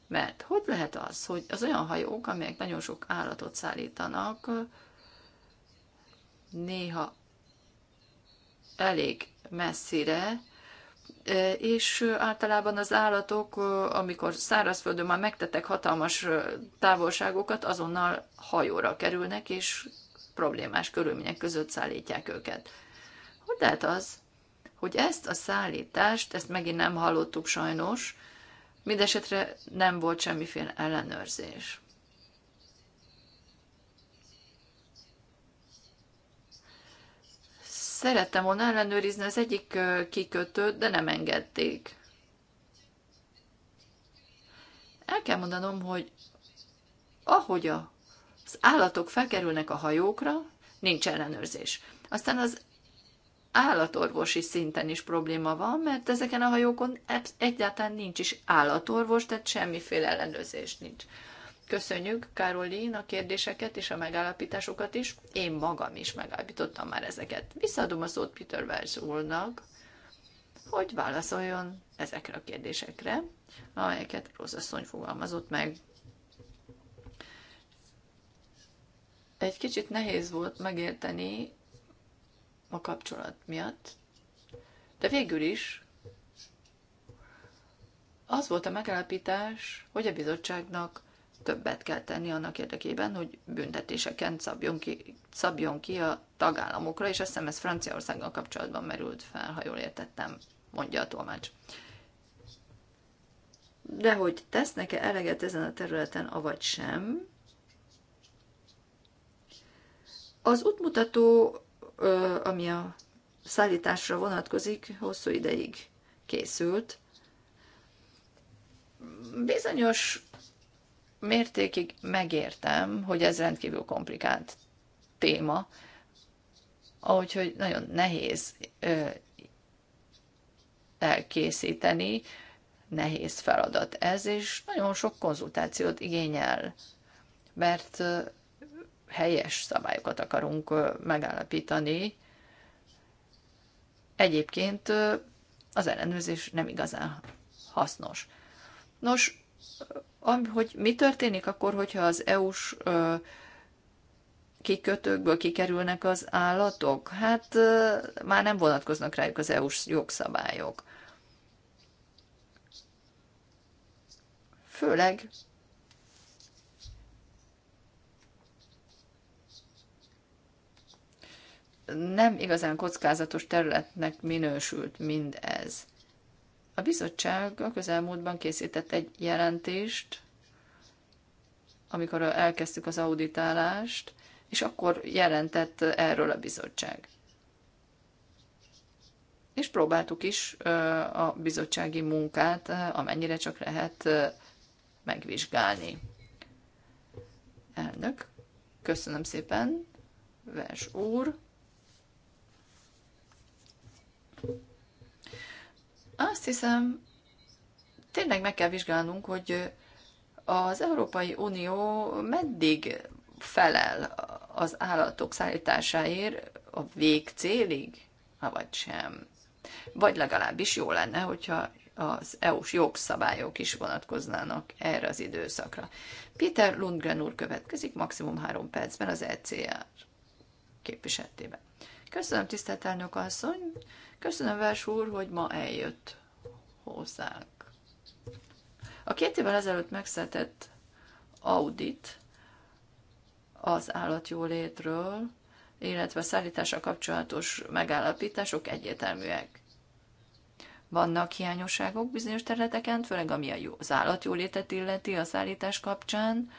mert hogy lehet az, hogy az olyan hajók, amelyek nagyon sok állatot szállítanak, néha elég messzire, e, és általában az állatok, e, amikor szárazföldön már megtettek hatalmas e, távolságokat, azonnal hajóra kerülnek, és problémás körülmények között szállítják őket. Hogy lehet az, hogy ezt a szállítást, ezt megint nem hallottuk sajnos, Mindesetre nem volt semmiféle ellenőrzés. Szerettem volna ellenőrizni az egyik kikötőt, de nem engedték. El kell mondanom, hogy ahogy az állatok felkerülnek a hajókra, nincs ellenőrzés. Aztán az állatorvosi szinten is probléma van, mert ezeken a hajókon egyáltalán nincs is állatorvos, tehát semmiféle ellenőrzés nincs. Köszönjük Károlin a kérdéseket és a megállapításokat is. Én magam is megállapítottam már ezeket. Visszaadom a szót Peter Wells úrnak, hogy válaszoljon ezekre a kérdésekre, amelyeket Rózasszony fogalmazott meg. Egy kicsit nehéz volt megérteni a kapcsolat miatt, de végül is az volt a megállapítás, hogy a bizottságnak többet kell tenni annak érdekében, hogy büntetéseken szabjon ki, szabjon ki a tagállamokra, és azt hiszem ez Franciaországgal kapcsolatban merült fel, ha jól értettem, mondja a tolmács. De hogy tesznek-e eleget ezen a területen, avagy sem, az útmutató ami a szállításra vonatkozik, hosszú ideig készült. Bizonyos mértékig megértem, hogy ez rendkívül komplikált téma, ahogy hogy nagyon nehéz elkészíteni, nehéz feladat ez, és nagyon sok konzultációt igényel, mert helyes szabályokat akarunk megállapítani. Egyébként az ellenőrzés nem igazán hasznos. Nos, hogy mi történik akkor, hogyha az EU-s kikötőkből kikerülnek az állatok? Hát már nem vonatkoznak rájuk az EU-s jogszabályok. Főleg nem igazán kockázatos területnek minősült mindez. A bizottság a közelmúltban készített egy jelentést, amikor elkezdtük az auditálást, és akkor jelentett erről a bizottság. És próbáltuk is a bizottsági munkát, amennyire csak lehet megvizsgálni. Elnök, köszönöm szépen, Vers úr. Azt hiszem, tényleg meg kell vizsgálnunk, hogy az Európai Unió meddig felel az állatok szállításáért a végcélig, vagy sem. Vagy legalábbis jó lenne, hogyha az EU-s jogszabályok is vonatkoznának erre az időszakra. Peter Lundgren úr következik maximum három percben az ECR képviseltében. Köszönöm, tisztelt elnök asszony. Köszönöm, Vers úr, hogy ma eljött hozzánk. A két évvel ezelőtt megszedett audit az állatjólétről, illetve a szállítása kapcsolatos megállapítások egyértelműek. Vannak hiányosságok bizonyos területeken, főleg ami az állatjólétet illeti a szállítás kapcsán,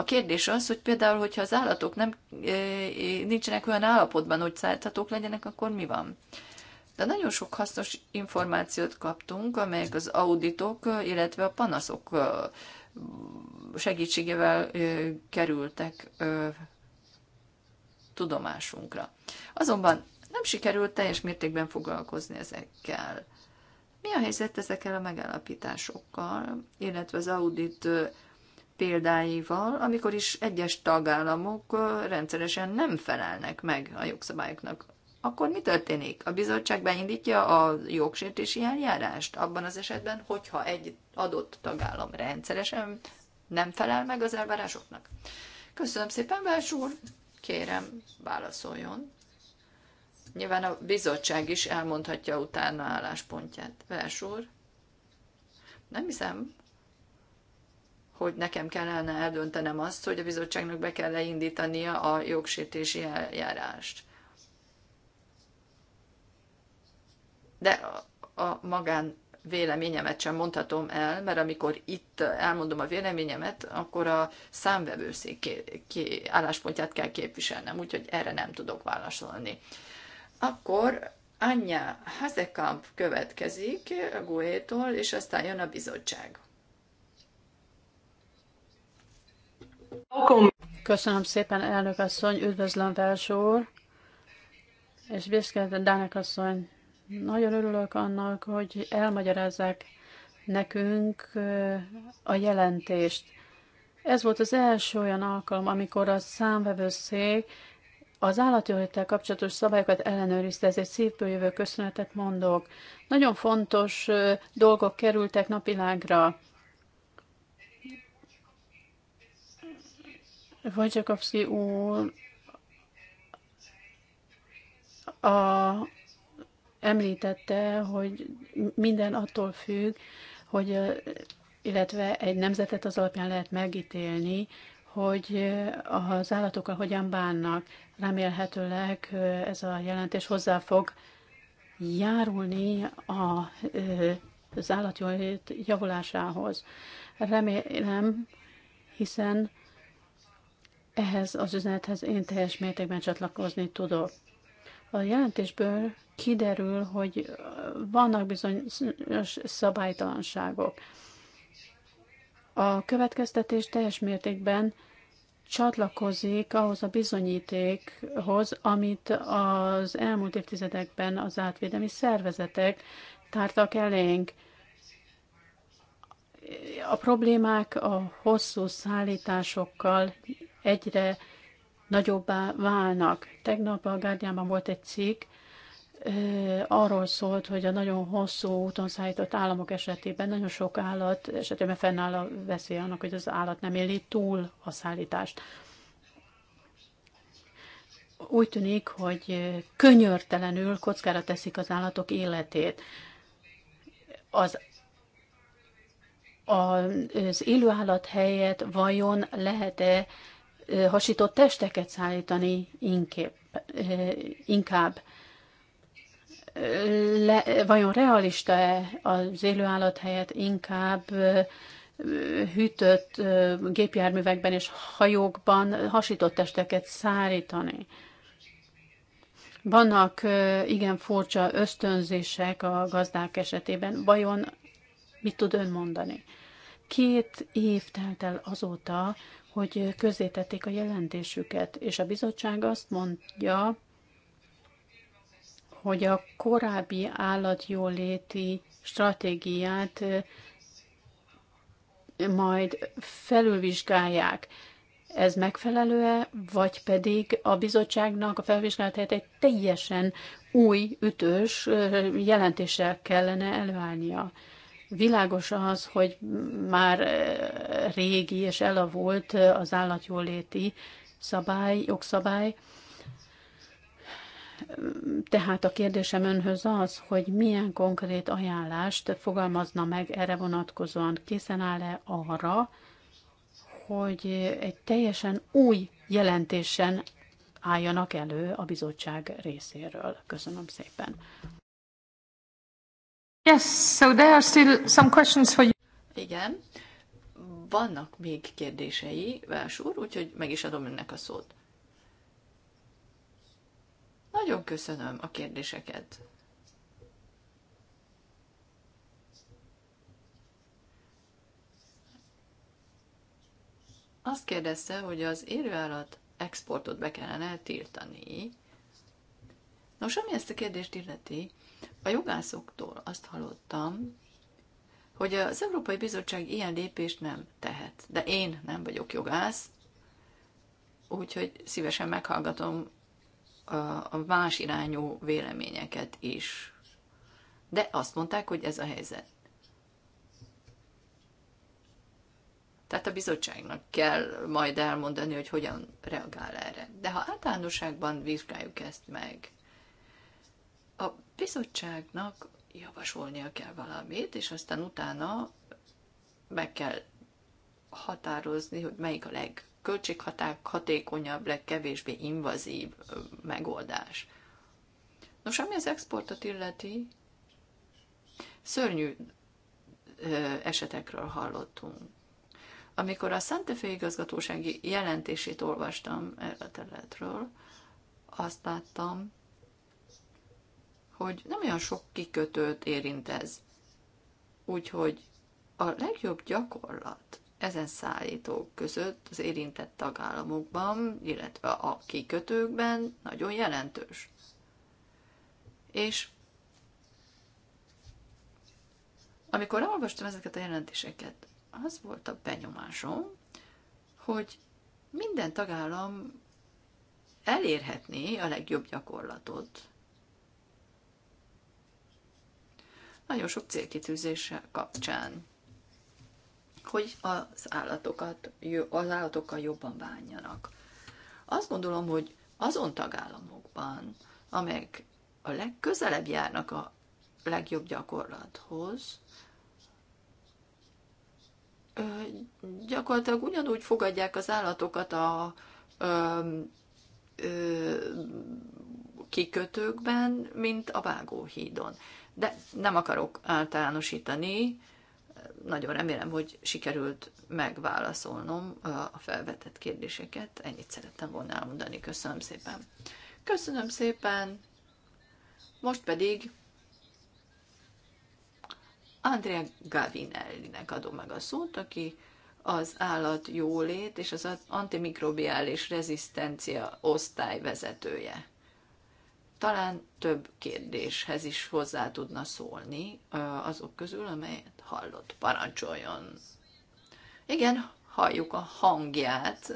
A kérdés az, hogy például, hogyha az állatok nem, nincsenek olyan állapotban, hogy szállíthatók legyenek, akkor mi van? De nagyon sok hasznos információt kaptunk, amelyek az auditok, illetve a panaszok segítségével kerültek tudomásunkra. Azonban nem sikerült teljes mértékben foglalkozni ezekkel. Mi a helyzet ezekkel a megállapításokkal, illetve az audit példáival, amikor is egyes tagállamok rendszeresen nem felelnek meg a jogszabályoknak. Akkor mi történik? A bizottság beindítja a jogsértési eljárást abban az esetben, hogyha egy adott tagállam rendszeresen nem felel meg az elvárásoknak. Köszönöm szépen, Vás úr! Kérem, válaszoljon. Nyilván a bizottság is elmondhatja utána álláspontját. Vás úr, nem hiszem, hogy nekem kellene eldöntenem azt, hogy a bizottságnak be kell leindítania a jogsértési eljárást. De a magán véleményemet sem mondhatom el, mert amikor itt elmondom a véleményemet, akkor a számvevőszék álláspontját kell képviselnem, úgyhogy erre nem tudok válaszolni. Akkor Anya Hazekamp következik a Guétól, tól és aztán jön a bizottság. Köszönöm szépen, elnök asszony, üdvözlöm felső úr, és Biszkett Dánek asszony. Nagyon örülök annak, hogy elmagyarázzák nekünk a jelentést. Ez volt az első olyan alkalom, amikor a számvevőszék az állatjóhittel kapcsolatos szabályokat ellenőrizte, ezért szívből jövő köszönetet mondok. Nagyon fontos dolgok kerültek napilágra. Wojciechowski úr a, említette, hogy minden attól függ, hogy illetve egy nemzetet az alapján lehet megítélni, hogy az állatokkal hogyan bánnak. Remélhetőleg ez a jelentés hozzá fog járulni a, az állatjólét javulásához. Remélem, hiszen ehhez az üzenethez én teljes mértékben csatlakozni tudok. A jelentésből kiderül, hogy vannak bizonyos szabálytalanságok. A következtetés teljes mértékben csatlakozik ahhoz a bizonyítékhoz, amit az elmúlt évtizedekben az átvédelmi szervezetek tártak elénk. A problémák a hosszú szállításokkal egyre nagyobbá válnak. Tegnap a gárdiában volt egy cikk, arról szólt, hogy a nagyon hosszú úton szállított államok esetében nagyon sok állat esetében fennáll a veszély annak, hogy az állat nem éli túl a szállítást. Úgy tűnik, hogy könyörtelenül kockára teszik az állatok életét. Az az állat helyett vajon lehet-e hasított testeket szállítani inkább. inkább. Le, vajon realista-e az élőállat helyett inkább hűtött gépjárművekben és hajókban hasított testeket szállítani? Vannak igen furcsa ösztönzések a gazdák esetében. Vajon mit tud ön mondani? Két év telt el azóta, hogy közzétették a jelentésüket, és a bizottság azt mondja, hogy a korábbi állatjóléti stratégiát majd felülvizsgálják. Ez megfelelő-e, vagy pedig a bizottságnak a felvizsgálat helyett egy teljesen új, ütős jelentéssel kellene előállnia? Világos az, hogy már eh, régi és elavult eh, az állatjóléti szabály, jogszabály, tehát a kérdésem önhöz az, hogy milyen konkrét ajánlást fogalmazna meg erre vonatkozóan. Készen áll-e arra, hogy egy teljesen új jelentésen álljanak elő a bizottság részéről? Köszönöm szépen. Yes, so there are still some questions for you. Igen, vannak még kérdései, Vás úr, úgyhogy meg is adom önnek a szót. Nagyon köszönöm a kérdéseket. Azt kérdezte, hogy az élőállat exportot be kellene tiltani. Nos, ami ezt a kérdést illeti, a jogászoktól azt hallottam, hogy az Európai Bizottság ilyen lépést nem tehet. De én nem vagyok jogász, úgyhogy szívesen meghallgatom a más irányú véleményeket is. De azt mondták, hogy ez a helyzet. Tehát a bizottságnak kell majd elmondani, hogy hogyan reagál erre. De ha általánosságban vizsgáljuk ezt meg, a bizottságnak javasolnia kell valamit, és aztán utána meg kell határozni, hogy melyik a legköltséghatékonyabb, legkevésbé invazív megoldás. Nos, ami az exportot illeti, szörnyű esetekről hallottunk. Amikor a Santa Fe igazgatósági jelentését olvastam erről a területről, azt láttam, hogy nem olyan sok kikötőt érint ez. Úgyhogy a legjobb gyakorlat ezen szállítók között az érintett tagállamokban, illetve a kikötőkben nagyon jelentős. És amikor elolvastam ezeket a jelentéseket, az volt a benyomásom, hogy minden tagállam elérhetné a legjobb gyakorlatot, nagyon sok célkitűzése kapcsán, hogy az, állatokat, az állatokkal jobban bánjanak. Azt gondolom, hogy azon tagállamokban, amelyek a legközelebb járnak a legjobb gyakorlathoz, gyakorlatilag ugyanúgy fogadják az állatokat a ö, ö, kikötőkben, mint a vágóhídon de nem akarok általánosítani. Nagyon remélem, hogy sikerült megválaszolnom a felvetett kérdéseket. Ennyit szerettem volna elmondani. Köszönöm szépen. Köszönöm szépen. Most pedig Andrea Gavinellinek adom meg a szót, aki az állat jólét és az antimikrobiális rezisztencia osztály vezetője talán több kérdéshez is hozzá tudna szólni azok közül, amelyet hallott. Parancsoljon! Igen, halljuk a hangját.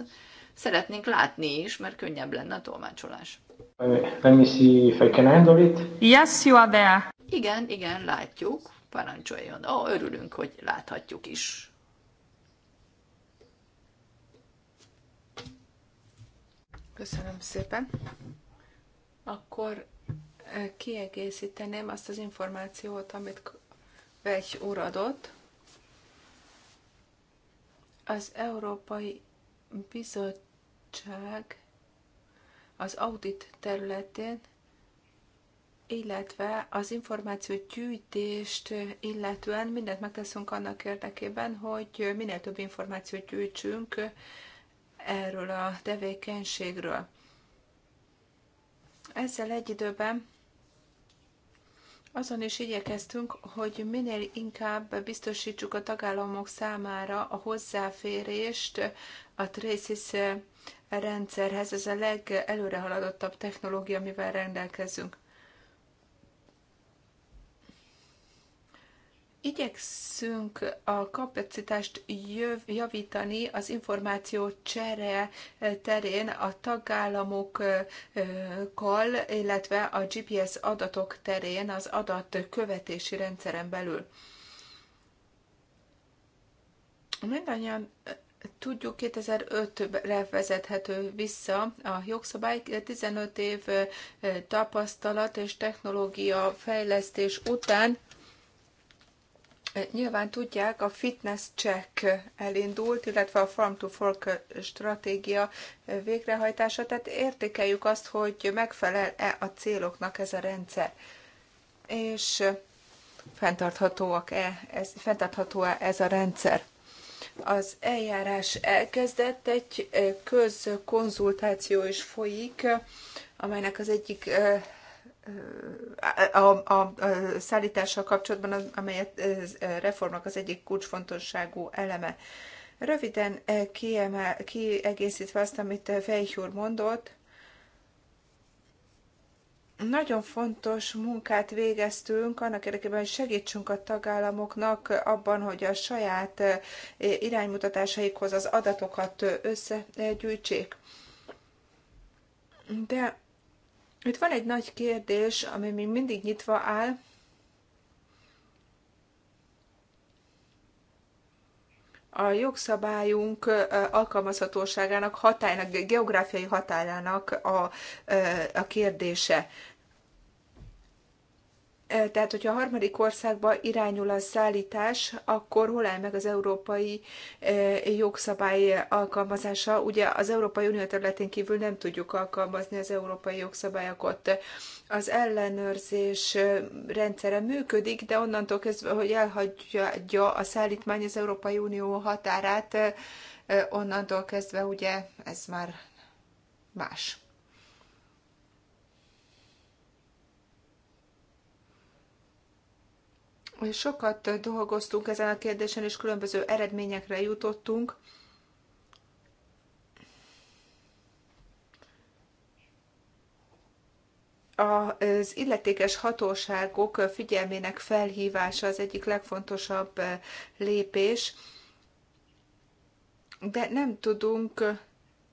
Szeretnénk látni is, mert könnyebb lenne a tolmácsolás. Let me see if I can handle it. Yes, you are there. Igen, igen, látjuk. Parancsoljon. Ó, örülünk, hogy láthatjuk is. Köszönöm szépen akkor eh, kiegészíteném azt az információt, amit Vegy úr adott. Az Európai Bizottság az audit területén, illetve az információ gyűjtést illetően mindent megteszünk annak érdekében, hogy minél több információt gyűjtsünk erről a tevékenységről. Ezzel egy időben azon is igyekeztünk, hogy minél inkább biztosítsuk a tagállamok számára a hozzáférést a Traces rendszerhez. Ez a legelőrehaladottabb technológia, amivel rendelkezünk. Igyekszünk a kapacitást javítani az információ csere eh, terén a tagállamokkal, eh, illetve a GPS adatok terén az adat követési rendszeren belül. Mindannyian eh, tudjuk, 2005-re vezethető vissza a jogszabály, 15 év tapasztalat és technológia fejlesztés után Nyilván tudják, a fitness check elindult, illetve a Farm to Fork stratégia végrehajtása, tehát értékeljük azt, hogy megfelel-e a céloknak ez a rendszer. És fenntarthatóak-e, ez, fenntartható-e ez a rendszer. Az eljárás elkezdett, egy közkonzultáció is folyik, amelynek az egyik a, a, a szállítással kapcsolatban, az, amelyet reformnak az egyik kulcsfontosságú eleme. Röviden kiemel, kiegészítve azt, amit Fejh mondott, nagyon fontos munkát végeztünk annak érdekében, hogy segítsünk a tagállamoknak abban, hogy a saját iránymutatásaikhoz az adatokat összegyűjtsék. De itt van egy nagy kérdés, ami még mindig nyitva áll. A jogszabályunk alkalmazhatóságának, hatálynak, geográfiai határának a, a kérdése. Tehát, hogyha a harmadik országba irányul a szállítás, akkor hol áll meg az európai jogszabály alkalmazása? Ugye az Európai Unió területén kívül nem tudjuk alkalmazni az európai jogszabályokat. Az ellenőrzés rendszere működik, de onnantól kezdve, hogy elhagyja a szállítmány az Európai Unió határát, onnantól kezdve ugye ez már más. Sokat dolgoztunk ezen a kérdésen, és különböző eredményekre jutottunk. az illetékes hatóságok figyelmének felhívása az egyik legfontosabb lépés, de nem tudunk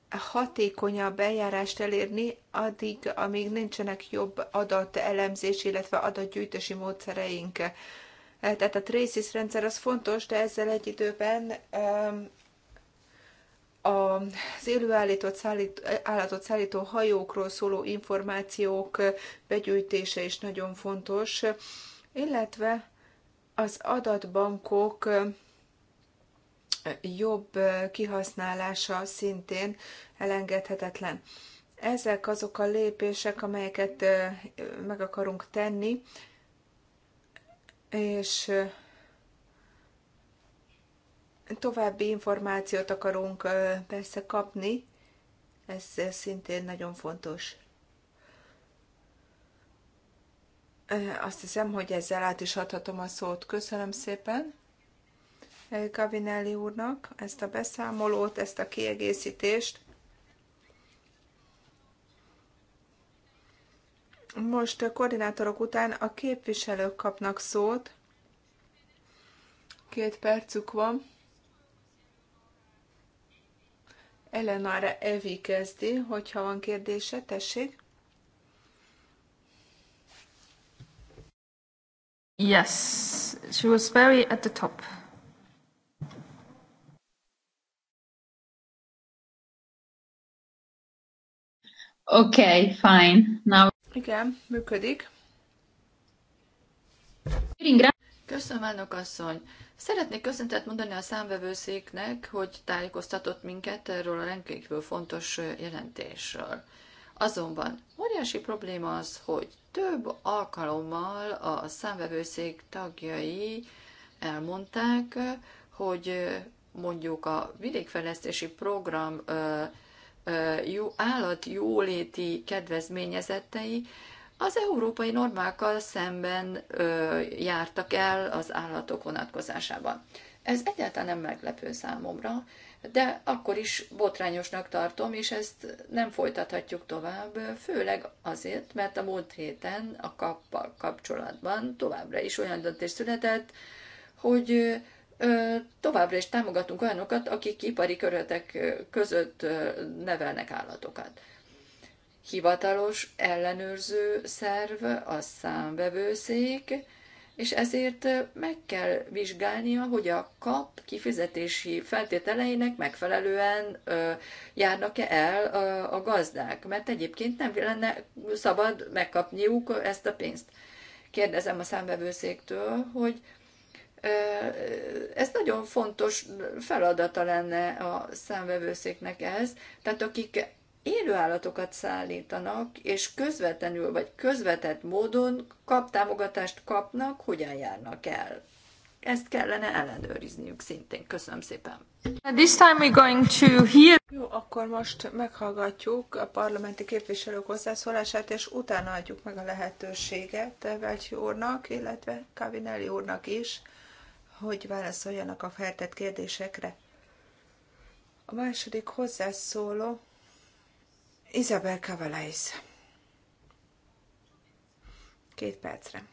hatékonyabb eljárást elérni addig, amíg nincsenek jobb adatelemzés, illetve adatgyűjtési módszereink. Eh, tehát a traces rendszer az fontos, de ezzel egy időben az élőállított szállít, állatot szállító hajókról szóló információk eh, begyűjtése is nagyon fontos, illetve az adatbankok eh, jobb kihasználása szintén elengedhetetlen. Ezek azok a lépések, amelyeket meg akarunk tenni és további információt akarunk persze kapni, ez szintén nagyon fontos. Azt hiszem, hogy ezzel át is adhatom a szót. Köszönöm szépen Gavinelli úrnak ezt a beszámolót, ezt a kiegészítést. Most a koordinátorok után a képviselők kapnak szót. Két percük van. Elenára Evi kezdi, hogyha van kérdése, tessék. Yes, she was very at the top. Okay, fine. Now igen, működik. Köszönöm, elnök asszony! Szeretnék köszöntet mondani a számvevőszéknek, hogy tájékoztatott minket erről a rendkívül fontos jelentésről. Azonban óriási probléma az, hogy több alkalommal a számvevőszék tagjai elmondták, hogy mondjuk a vidékfejlesztési program jó, állat jóléti kedvezményezettei az európai normákkal szemben ö, jártak el az állatok vonatkozásában. Ez egyáltalán nem meglepő számomra, de akkor is botrányosnak tartom, és ezt nem folytathatjuk tovább, főleg azért, mert a múlt héten a kappal kapcsolatban továbbra is olyan döntés született, hogy továbbra is támogatunk olyanokat, akik ipari körötek között nevelnek állatokat. Hivatalos ellenőrző szerv a számvevőszék, és ezért meg kell vizsgálnia, hogy a kap kifizetési feltételeinek megfelelően járnak-e el a gazdák, mert egyébként nem lenne szabad megkapniuk ezt a pénzt. Kérdezem a számvevőszéktől, hogy ez nagyon fontos feladata lenne a számvevőszéknek ez, tehát akik élő állatokat szállítanak, és közvetlenül vagy közvetett módon kap támogatást kapnak, hogyan járnak el. Ezt kellene ellenőrizniük szintén. Köszönöm szépen. This time we're going to hear... Jó, akkor most meghallgatjuk a parlamenti képviselők hozzászólását, és utána adjuk meg a lehetőséget Velcsi úrnak, illetve Kavinelli úrnak is hogy válaszoljanak a feltett kérdésekre. A második hozzászóló Isabel Cavalais. Két percre.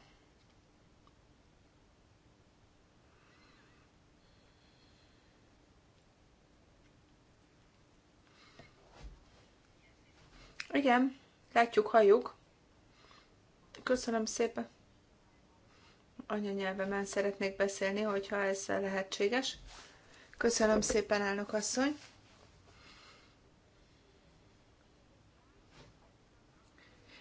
Igen, látjuk, halljuk. Köszönöm szépen anyanyelvemen szeretnék beszélni, hogyha ez lehetséges. Köszönöm szépen, elnök asszony!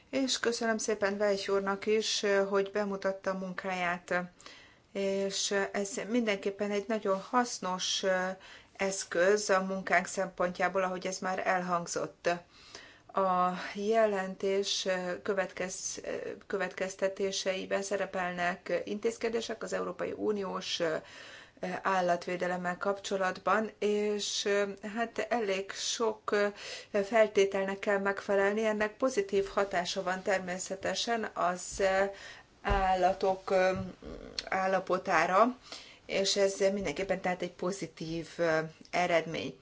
És köszönöm szépen Vejs úrnak is, hogy bemutatta a munkáját. És ez mindenképpen egy nagyon hasznos eszköz a munkánk szempontjából, ahogy ez már elhangzott a jelentés következ, következtetéseiben szerepelnek intézkedések az Európai Uniós állatvédelemmel kapcsolatban, és hát elég sok feltételnek kell megfelelni. Ennek pozitív hatása van természetesen az állatok állapotára, és ez mindenképpen tehát egy pozitív eredmény.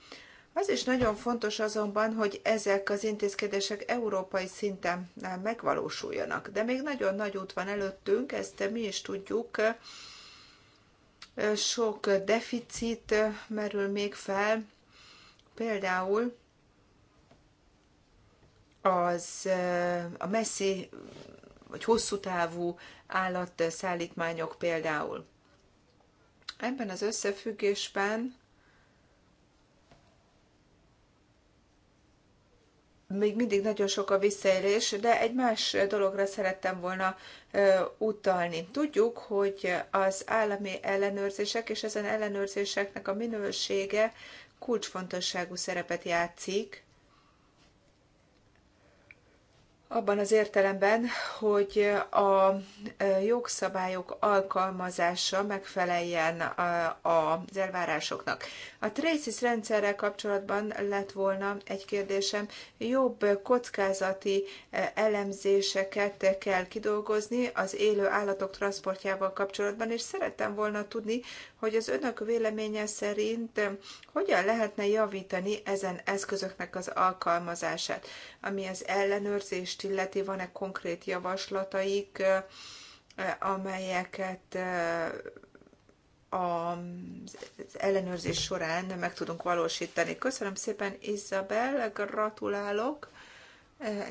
Az is nagyon fontos azonban, hogy ezek az intézkedések európai szinten megvalósuljanak. De még nagyon nagy út van előttünk, ezt mi is tudjuk. Sok deficit merül még fel, például az a messzi vagy hosszú távú állatszállítmányok például. Ebben az összefüggésben még mindig nagyon sok a visszaélés, de egy más dologra szerettem volna utalni. Tudjuk, hogy az állami ellenőrzések és ezen ellenőrzéseknek a minősége kulcsfontosságú szerepet játszik abban az értelemben, hogy a jogszabályok alkalmazása megfeleljen az elvárásoknak. A Tracis rendszerrel kapcsolatban lett volna egy kérdésem, jobb kockázati e, elemzéseket kell kidolgozni az élő állatok transportjával kapcsolatban, és szerettem volna tudni, hogy az önök véleménye szerint hogyan lehetne javítani ezen eszközöknek az alkalmazását, ami az ellenőrzés kérdést illeti, van-e konkrét javaslataik, amelyeket az ellenőrzés során meg tudunk valósítani. Köszönöm szépen, Izabel, gratulálok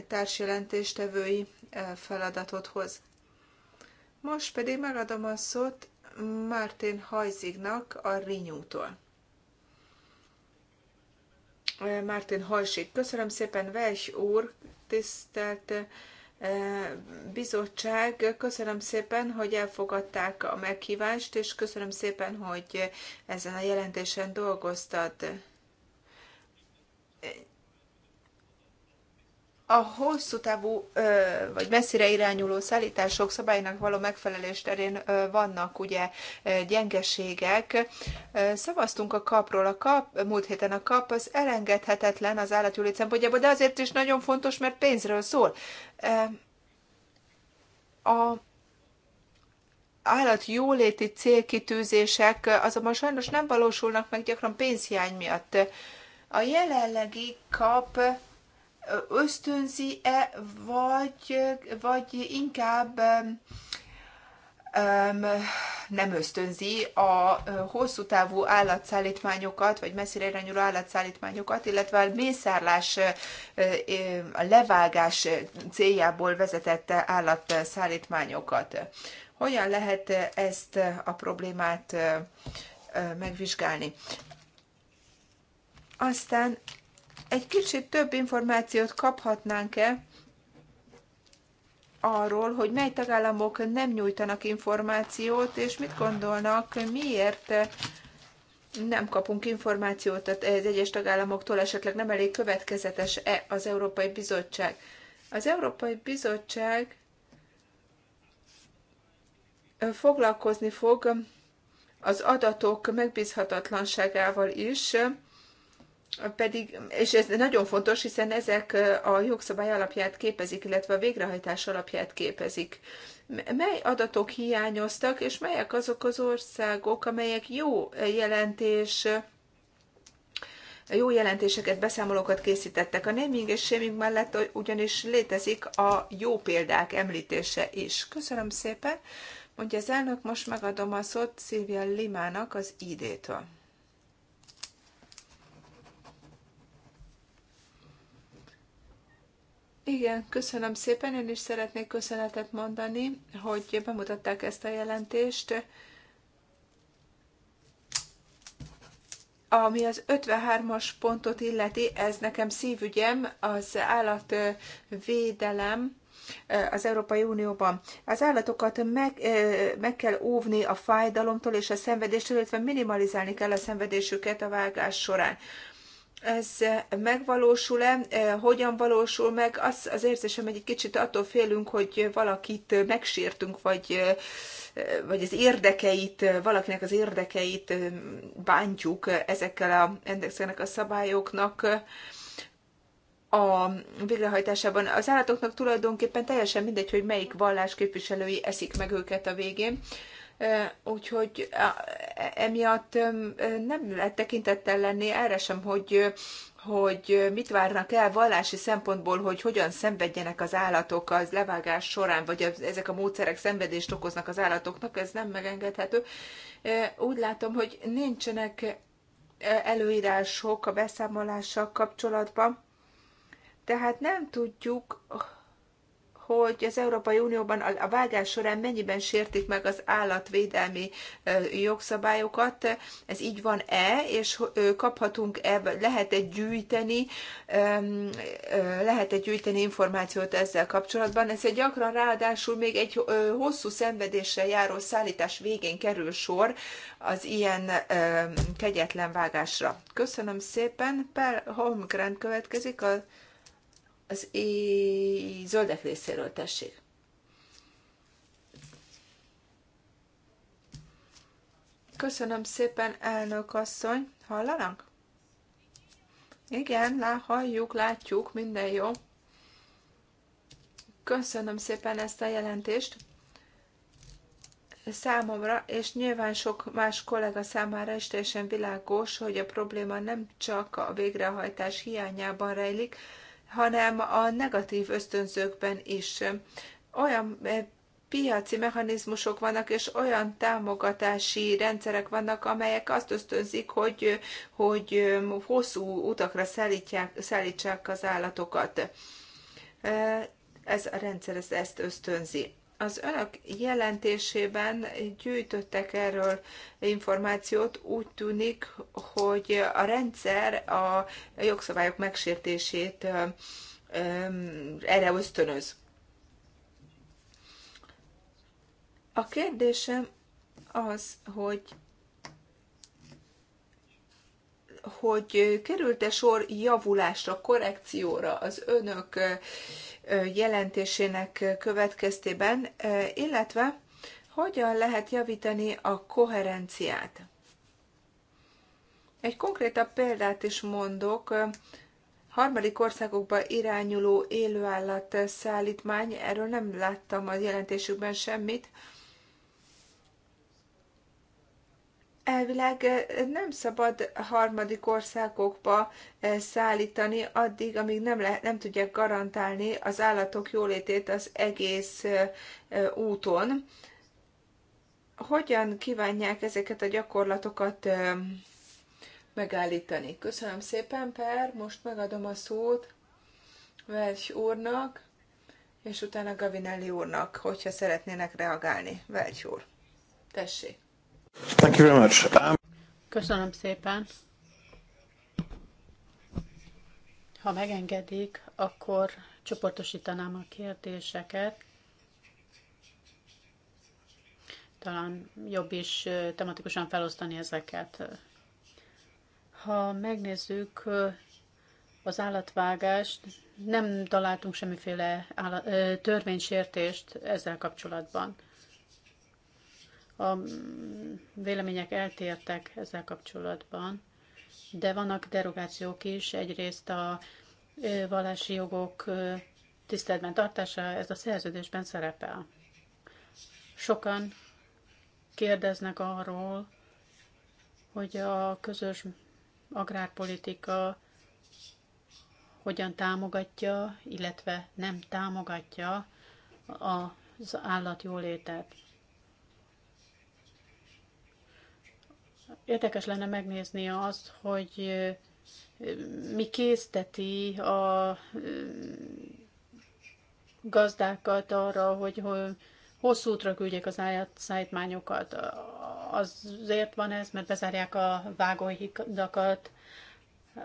társjelentéstevői feladatodhoz. Most pedig megadom a szót Martin Hajzignak a Rinyútól. Mártin Hajsik. Köszönöm szépen, Vejs úr, tisztelt eh, bizottság, köszönöm szépen, hogy elfogadták a meghívást, és köszönöm szépen, hogy ezen a jelentésen dolgoztat a hosszú távú vagy messzire irányuló szállítások szabálynak való megfelelés terén vannak ugye gyengeségek. Szavaztunk a kapról, a kap, múlt héten a kap az elengedhetetlen az állatjólét szempontjából, de azért is nagyon fontos, mert pénzről szól. A állatjóléti célkitűzések azonban sajnos nem valósulnak meg gyakran pénzhiány miatt. A jelenlegi kap ösztönzi-e, vagy, vagy inkább nem ösztönzi a hosszú távú állatszállítmányokat, vagy messzire irányuló állatszállítmányokat, illetve a mészárlás, a levágás céljából vezetett állatszállítmányokat. Hogyan lehet ezt a problémát megvizsgálni? Aztán egy kicsit több információt kaphatnánk-e arról, hogy mely tagállamok nem nyújtanak információt, és mit gondolnak, miért nem kapunk információt az egyes tagállamoktól, esetleg nem elég következetes-e az Európai Bizottság. Az Európai Bizottság foglalkozni fog az adatok megbízhatatlanságával is, pedig, és ez nagyon fontos, hiszen ezek a jogszabály alapját képezik, illetve a végrehajtás alapját képezik. Mely adatok hiányoztak, és melyek azok az országok, amelyek jó jelentés jó jelentéseket, beszámolókat készítettek. A naming és shaming mellett ugyanis létezik a jó példák említése is. Köszönöm szépen, mondja az elnök, most megadom a szót Szilvia Limának az idétől. Igen, köszönöm szépen. Én is szeretnék köszönetet mondani, hogy bemutatták ezt a jelentést. Ami az 53-as pontot illeti, ez nekem szívügyem, az állatvédelem eh, az Európai Unióban. Az állatokat meg, eh, meg kell óvni a fájdalomtól és a szenvedéstől, illetve minimalizálni kell a szenvedésüket a vágás során ez megvalósul-e, eh, hogyan valósul meg, az az érzésem, hogy egy kicsit attól félünk, hogy valakit megsértünk, vagy, eh, vagy az érdekeit, valakinek az érdekeit eh, bántjuk ezekkel a, ezeknek a szabályoknak a végrehajtásában. Az állatoknak tulajdonképpen teljesen mindegy, hogy melyik vallás képviselői eszik meg őket a végén úgyhogy e, emiatt nem lehet tekintettel lenni erre sem, hogy hogy mit várnak el vallási szempontból, hogy hogyan szenvedjenek az állatok az levágás során, vagy ezek a módszerek szenvedést okoznak az állatoknak, ez nem megengedhető. Úgy látom, hogy nincsenek előírások a beszámolással kapcsolatban, tehát nem tudjuk, hogy az Európai Unióban a vágás során mennyiben sértik meg az állatvédelmi jogszabályokat. Ez így van-e, és kaphatunk-e, lehet-e gyűjteni, lehet-e gyűjteni információt ezzel kapcsolatban. Ez egy gyakran ráadásul még egy hosszú szenvedéssel járó szállítás végén kerül sor az ilyen kegyetlen vágásra. Köszönöm szépen. Per Holmgren következik a az é... zöldek részéről tessék. Köszönöm szépen, elnök asszony. Hallanak? Igen, lá, halljuk, látjuk, minden jó. Köszönöm szépen ezt a jelentést. Számomra, és nyilván sok más kollega számára is teljesen világos, hogy a probléma nem csak a végrehajtás hiányában rejlik, hanem a negatív ösztönzőkben is. Olyan eh, piaci mechanizmusok vannak, és olyan támogatási rendszerek vannak, amelyek azt ösztönzik, hogy, hogy eh, hosszú utakra szállítsák az állatokat. Eh, ez a rendszer ezt ösztönzi. Az önök jelentésében gyűjtöttek erről információt, úgy tűnik, hogy a rendszer a jogszabályok megsértését erre ösztönöz. A kérdésem az, hogy hogy került-e sor javulásra, korrekcióra az önök jelentésének következtében, illetve hogyan lehet javítani a koherenciát. Egy konkrétabb példát is mondok, harmadik országokba irányuló élőállat szállítmány, erről nem láttam a jelentésükben semmit, elvileg nem szabad harmadik országokba szállítani addig, amíg nem, lehet, nem tudják garantálni az állatok jólétét az egész úton. Hogyan kívánják ezeket a gyakorlatokat megállítani? Köszönöm szépen, Per, most megadom a szót Vers úrnak, és utána Gavinelli úrnak, hogyha szeretnének reagálni. Velcs úr, tessék! Thank you very much. Um... Köszönöm szépen. Ha megengedik, akkor csoportosítanám a kérdéseket. Talán jobb is tematikusan felosztani ezeket. Ha megnézzük az állatvágást, nem találtunk semmiféle törvénysértést ezzel kapcsolatban. A vélemények eltértek ezzel kapcsolatban, de vannak derogációk is. Egyrészt a vallási jogok tiszteletben tartása, ez a szerződésben szerepel. Sokan kérdeznek arról, hogy a közös agrárpolitika hogyan támogatja, illetve nem támogatja az állatjólétet. Érdekes lenne megnézni azt, hogy mi készteti a gazdákat arra, hogy hosszú útra küldjék az szájtmányokat. Azért van ez, mert bezárják a vágóhidakat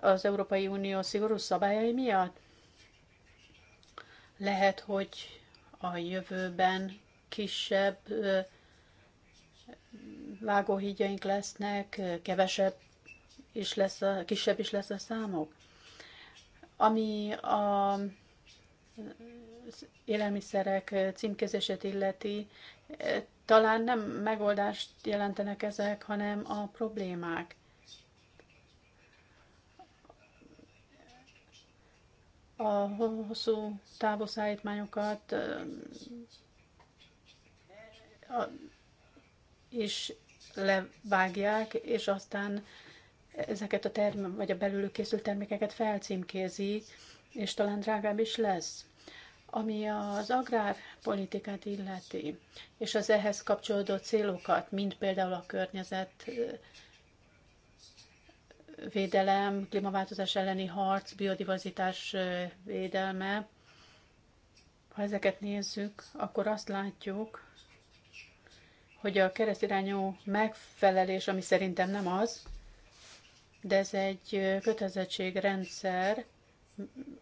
az Európai Unió szigorú szabályai miatt. Lehet, hogy a jövőben kisebb vágóhídjaink lesznek, kevesebb is lesz a, kisebb is lesz a számok. Ami a élelmiszerek címkezését illeti, talán nem megoldást jelentenek ezek, hanem a problémák. A hosszú távú szállítmányokat és levágják, és aztán ezeket a term vagy a belőlük készült termékeket felcímkézi, és talán drágább is lesz. Ami az agrárpolitikát illeti, és az ehhez kapcsolódó célokat, mint például a környezet védelem, klímaváltozás elleni harc, biodiverzitás védelme, ha ezeket nézzük, akkor azt látjuk, hogy a keresztirányú megfelelés, ami szerintem nem az, de ez egy kötelezettségrendszer,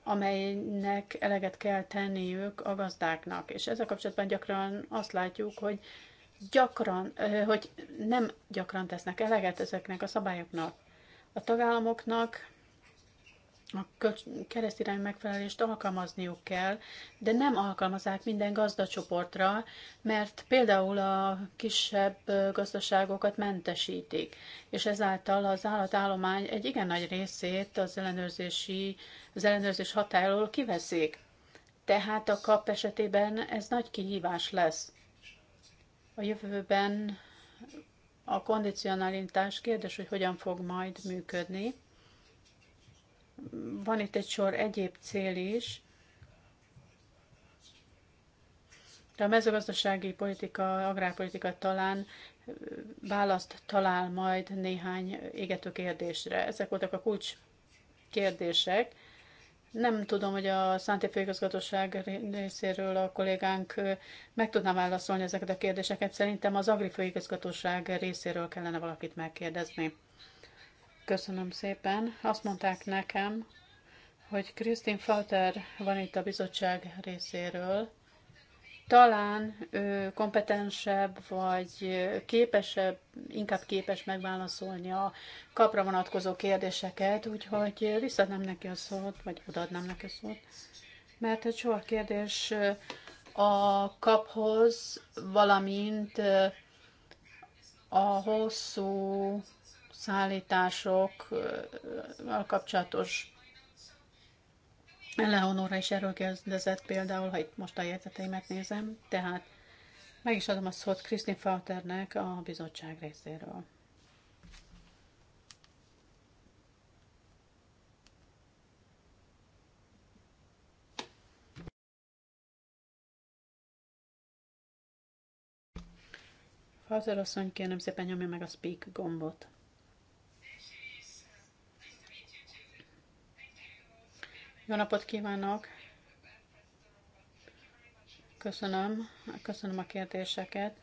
amelynek eleget kell tenniük a gazdáknak. És ezzel kapcsolatban gyakran azt látjuk, hogy gyakran, hogy nem gyakran tesznek eleget ezeknek a szabályoknak. A tagállamoknak a keresztirány megfelelést alkalmazniuk kell, de nem alkalmazák minden gazdacsoportra, mert például a kisebb gazdaságokat mentesítik, és ezáltal az állatállomány egy igen nagy részét az, ellenőrzési, az ellenőrzés hatájáról kiveszik. Tehát a kap esetében ez nagy kihívás lesz. A jövőben a kondicionálintás kérdés, hogy hogyan fog majd működni van itt egy sor egyéb cél is, de a mezőgazdasági politika, agrárpolitika talán választ talál majd néhány égető kérdésre. Ezek voltak a kulcs kérdések. Nem tudom, hogy a Főigazgatóság részéről a kollégánk meg tudná válaszolni ezeket a kérdéseket. Szerintem az Agrifőigazgatóság részéről kellene valakit megkérdezni. Köszönöm szépen. Azt mondták nekem, hogy Kristin Falter van itt a bizottság részéről. Talán ő kompetensebb, vagy képesebb, inkább képes megválaszolni a kapra vonatkozó kérdéseket, úgyhogy visszadnám neki a szót, vagy odaadnám neki a szót. Mert egy sor kérdés a kaphoz, valamint a hosszú szállításokkal kapcsolatos Leonora is erről kérdezett például, ha itt most a jegyzeteimet nézem, tehát meg is adom a szót Krisztin Falternek a bizottság részéről. Falter asszony, kérem szépen nyomja meg a speak gombot. Jó napot kívánok! Köszönöm, köszönöm a kérdéseket.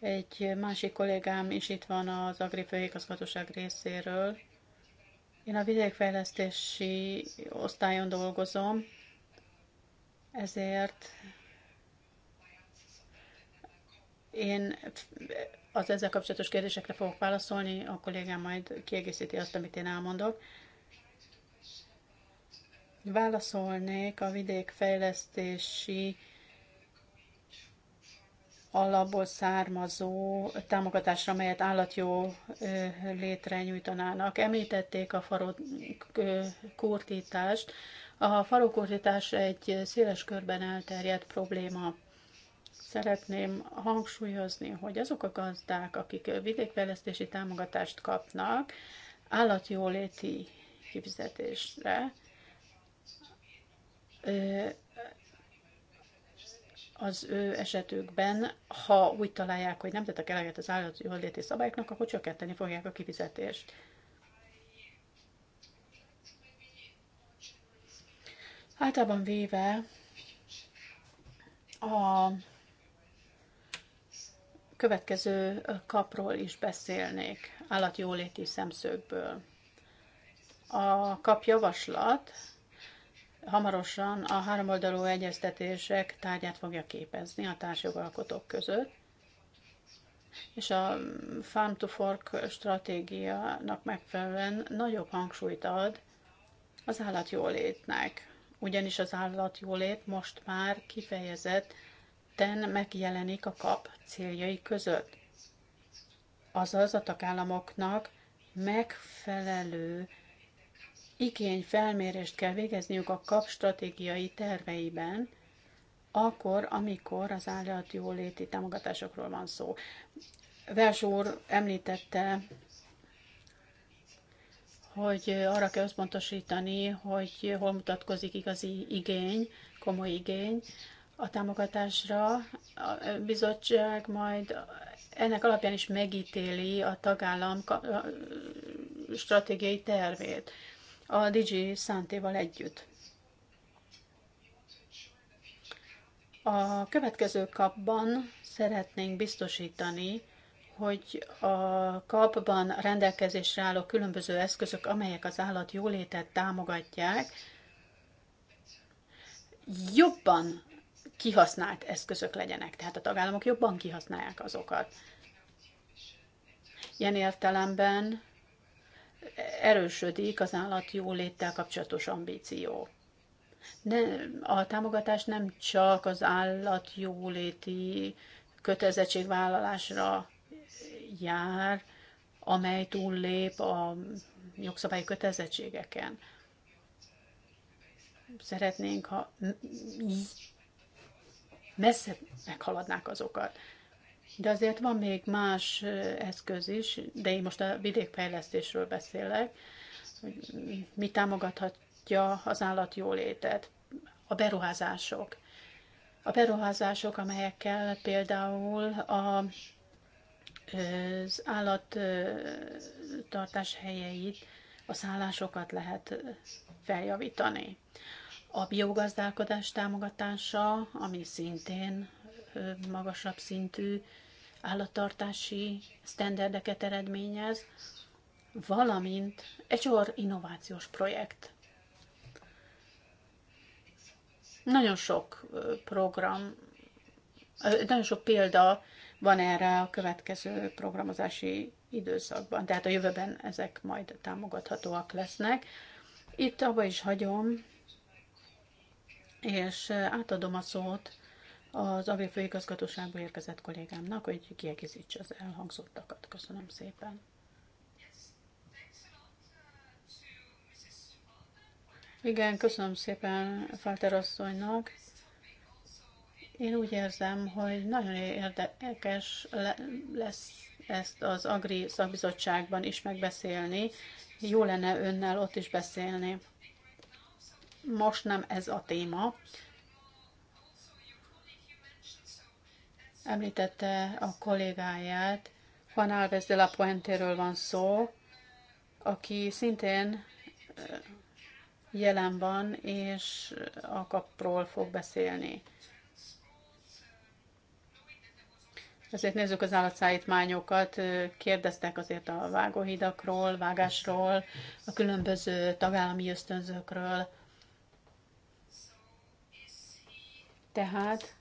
Egy másik kollégám is itt van az Agri Főigazgatóság részéről. Én a vidékfejlesztési osztályon dolgozom, ezért én az ezzel kapcsolatos kérdésekre fogok válaszolni, a kollégám majd kiegészíti azt, amit én elmondok. Válaszolnék a vidékfejlesztési alapból származó támogatásra, melyet állatjó létre nyújtanának. Említették a farokkurtítást. A farokkurtítás egy széles körben elterjedt probléma. Szeretném hangsúlyozni, hogy azok a gazdák, akik vidékfejlesztési támogatást kapnak, állatjóléti kifizetésre, az ő esetükben, ha úgy találják, hogy nem tettek eleget az állatjóléti szabályoknak, akkor csökkenteni fogják a kifizetést. Általában véve a következő kapról is beszélnék állatjóléti szemszögből. A kap javaslat hamarosan a háromoldalú egyeztetések tárgyát fogja képezni a társjogalkotók között, és a Farm to Fork stratégiának megfelelően nagyobb hangsúlyt ad az állatjólétnek, ugyanis az állatjólét most már kifejezetten megjelenik a kap céljai között. Azaz a tagállamoknak megfelelő igény felmérést kell végezniük a kap stratégiai terveiben, akkor, amikor az állat jóléti támogatásokról van szó. Vers úr említette, hogy arra kell összpontosítani, hogy hol mutatkozik igazi igény, komoly igény a támogatásra. A bizottság majd ennek alapján is megítéli a tagállam stratégiai tervét a DJ Szántéval együtt. A következő kapban szeretnénk biztosítani, hogy a kapban rendelkezésre álló különböző eszközök, amelyek az állat jólétet támogatják, jobban kihasznált eszközök legyenek, tehát a tagállamok jobban kihasználják azokat. Ilyen értelemben erősödik az állat jóléttel kapcsolatos ambíció. De a támogatás nem csak az állat jóléti kötelezettségvállalásra jár, amely túllép a jogszabályi kötelezettségeken. Szeretnénk, ha messze meghaladnák azokat. De azért van még más eszköz is, de én most a vidékfejlesztésről beszélek, hogy mi támogathatja az állat jólétet. A beruházások. A beruházások, amelyekkel például a, az állattartás helyeit, a szállásokat lehet feljavítani. A biogazdálkodás támogatása, ami szintén magasabb szintű állattartási sztenderdeket eredményez, valamint egy sor innovációs projekt. Nagyon sok program, nagyon sok példa van erre a következő programozási időszakban, tehát a jövőben ezek majd támogathatóak lesznek. Itt abba is hagyom, és átadom a szót az AV főigazgatóságba érkezett kollégámnak, hogy kiegészítse az elhangzottakat. Köszönöm szépen. Igen, köszönöm szépen Falter asszonynak. Én úgy érzem, hogy nagyon érdekes lesz ezt az Agri szakbizottságban is megbeszélni. Jó lenne önnel ott is beszélni. Most nem ez a téma, Említette a kollégáját, Juan Alves de la Puente-ről van szó, aki szintén jelen van, és a kapról fog beszélni. Ezért nézzük az állatszállítmányokat, kérdeztek azért a vágóhidakról, vágásról, a különböző tagállami ösztönzőkről. Tehát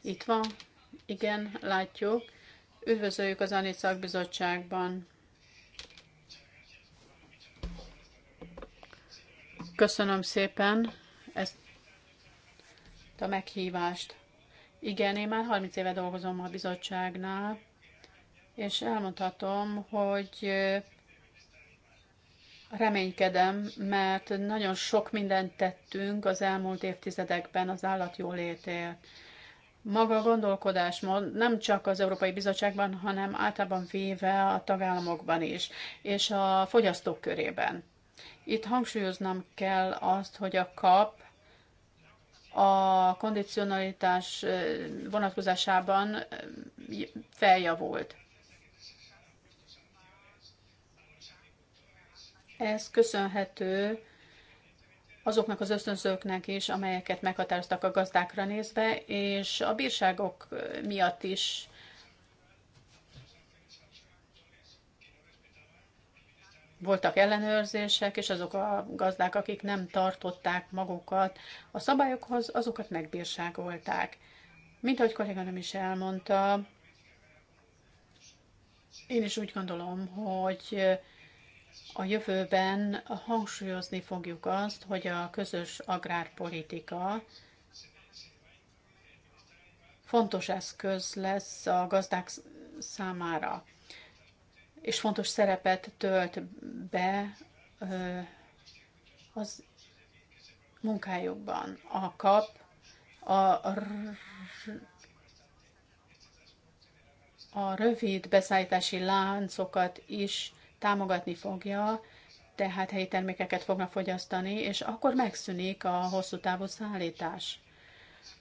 itt van, igen, látjuk. Üdvözöljük az ANI szakbizottságban. Köszönöm szépen ezt a meghívást. Igen, én már 30 éve dolgozom a bizottságnál, és elmondhatom, hogy eh, reménykedem, mert nagyon sok mindent tettünk az elmúlt évtizedekben az állatjólétért maga a gondolkodásmód nem csak az Európai Bizottságban, hanem általában véve a tagállamokban is, és a fogyasztók körében. Itt hangsúlyoznom kell azt, hogy a kap a kondicionalitás vonatkozásában feljavult. Ez köszönhető azoknak az ösztönzőknek is, amelyeket meghatároztak a gazdákra nézve, és a bírságok miatt is voltak ellenőrzések, és azok a gazdák, akik nem tartották magukat a szabályokhoz, azokat megbírságolták. Mint ahogy kolléganom is elmondta, én is úgy gondolom, hogy a jövőben hangsúlyozni fogjuk azt, hogy a közös agrárpolitika fontos eszköz lesz a gazdák számára, és fontos szerepet tölt be az munkájukban. A kap, a, a rövid beszállítási láncokat is támogatni fogja, tehát helyi termékeket fognak fogyasztani, és akkor megszűnik a hosszú távú szállítás.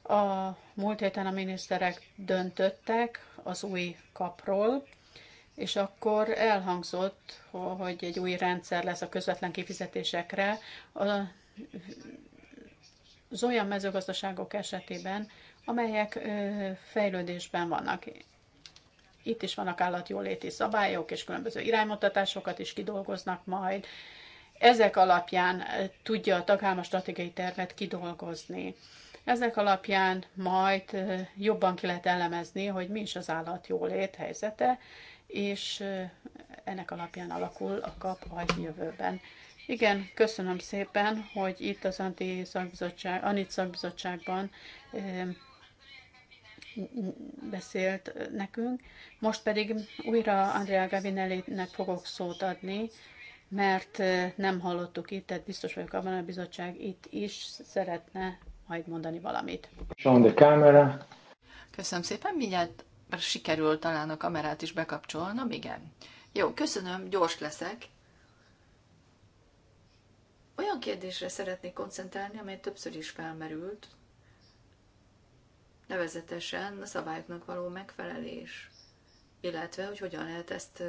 A múlt héten a miniszterek döntöttek az új kapról, és akkor elhangzott, hogy egy új rendszer lesz a közvetlen kifizetésekre. Az olyan mezőgazdaságok esetében, amelyek fejlődésben vannak itt is vannak állatjóléti szabályok, és különböző iránymutatásokat is kidolgoznak majd. Ezek alapján eh, tudja a tagállam a stratégiai tervet kidolgozni. Ezek alapján majd eh, jobban ki lehet elemezni, hogy mi is az állatjólét helyzete, és eh, ennek alapján alakul a kap a jövőben. Igen, köszönöm szépen, hogy itt az Anti szakbizottság, Anit szakbizottságban beszélt nekünk. Most pedig újra Andrea Gavinelli-nek fogok szót adni, mert nem hallottuk itt, tehát biztos vagyok abban, a bizottság itt is szeretne majd mondani valamit. On the camera. Köszönöm szépen, mindjárt sikerül talán a kamerát is bekapcsolnom, igen. Jó, köszönöm, gyors leszek. Olyan kérdésre szeretnék koncentrálni, amely többször is felmerült, nevezetesen a szabályoknak való megfelelés, illetve hogy hogyan lehet ezt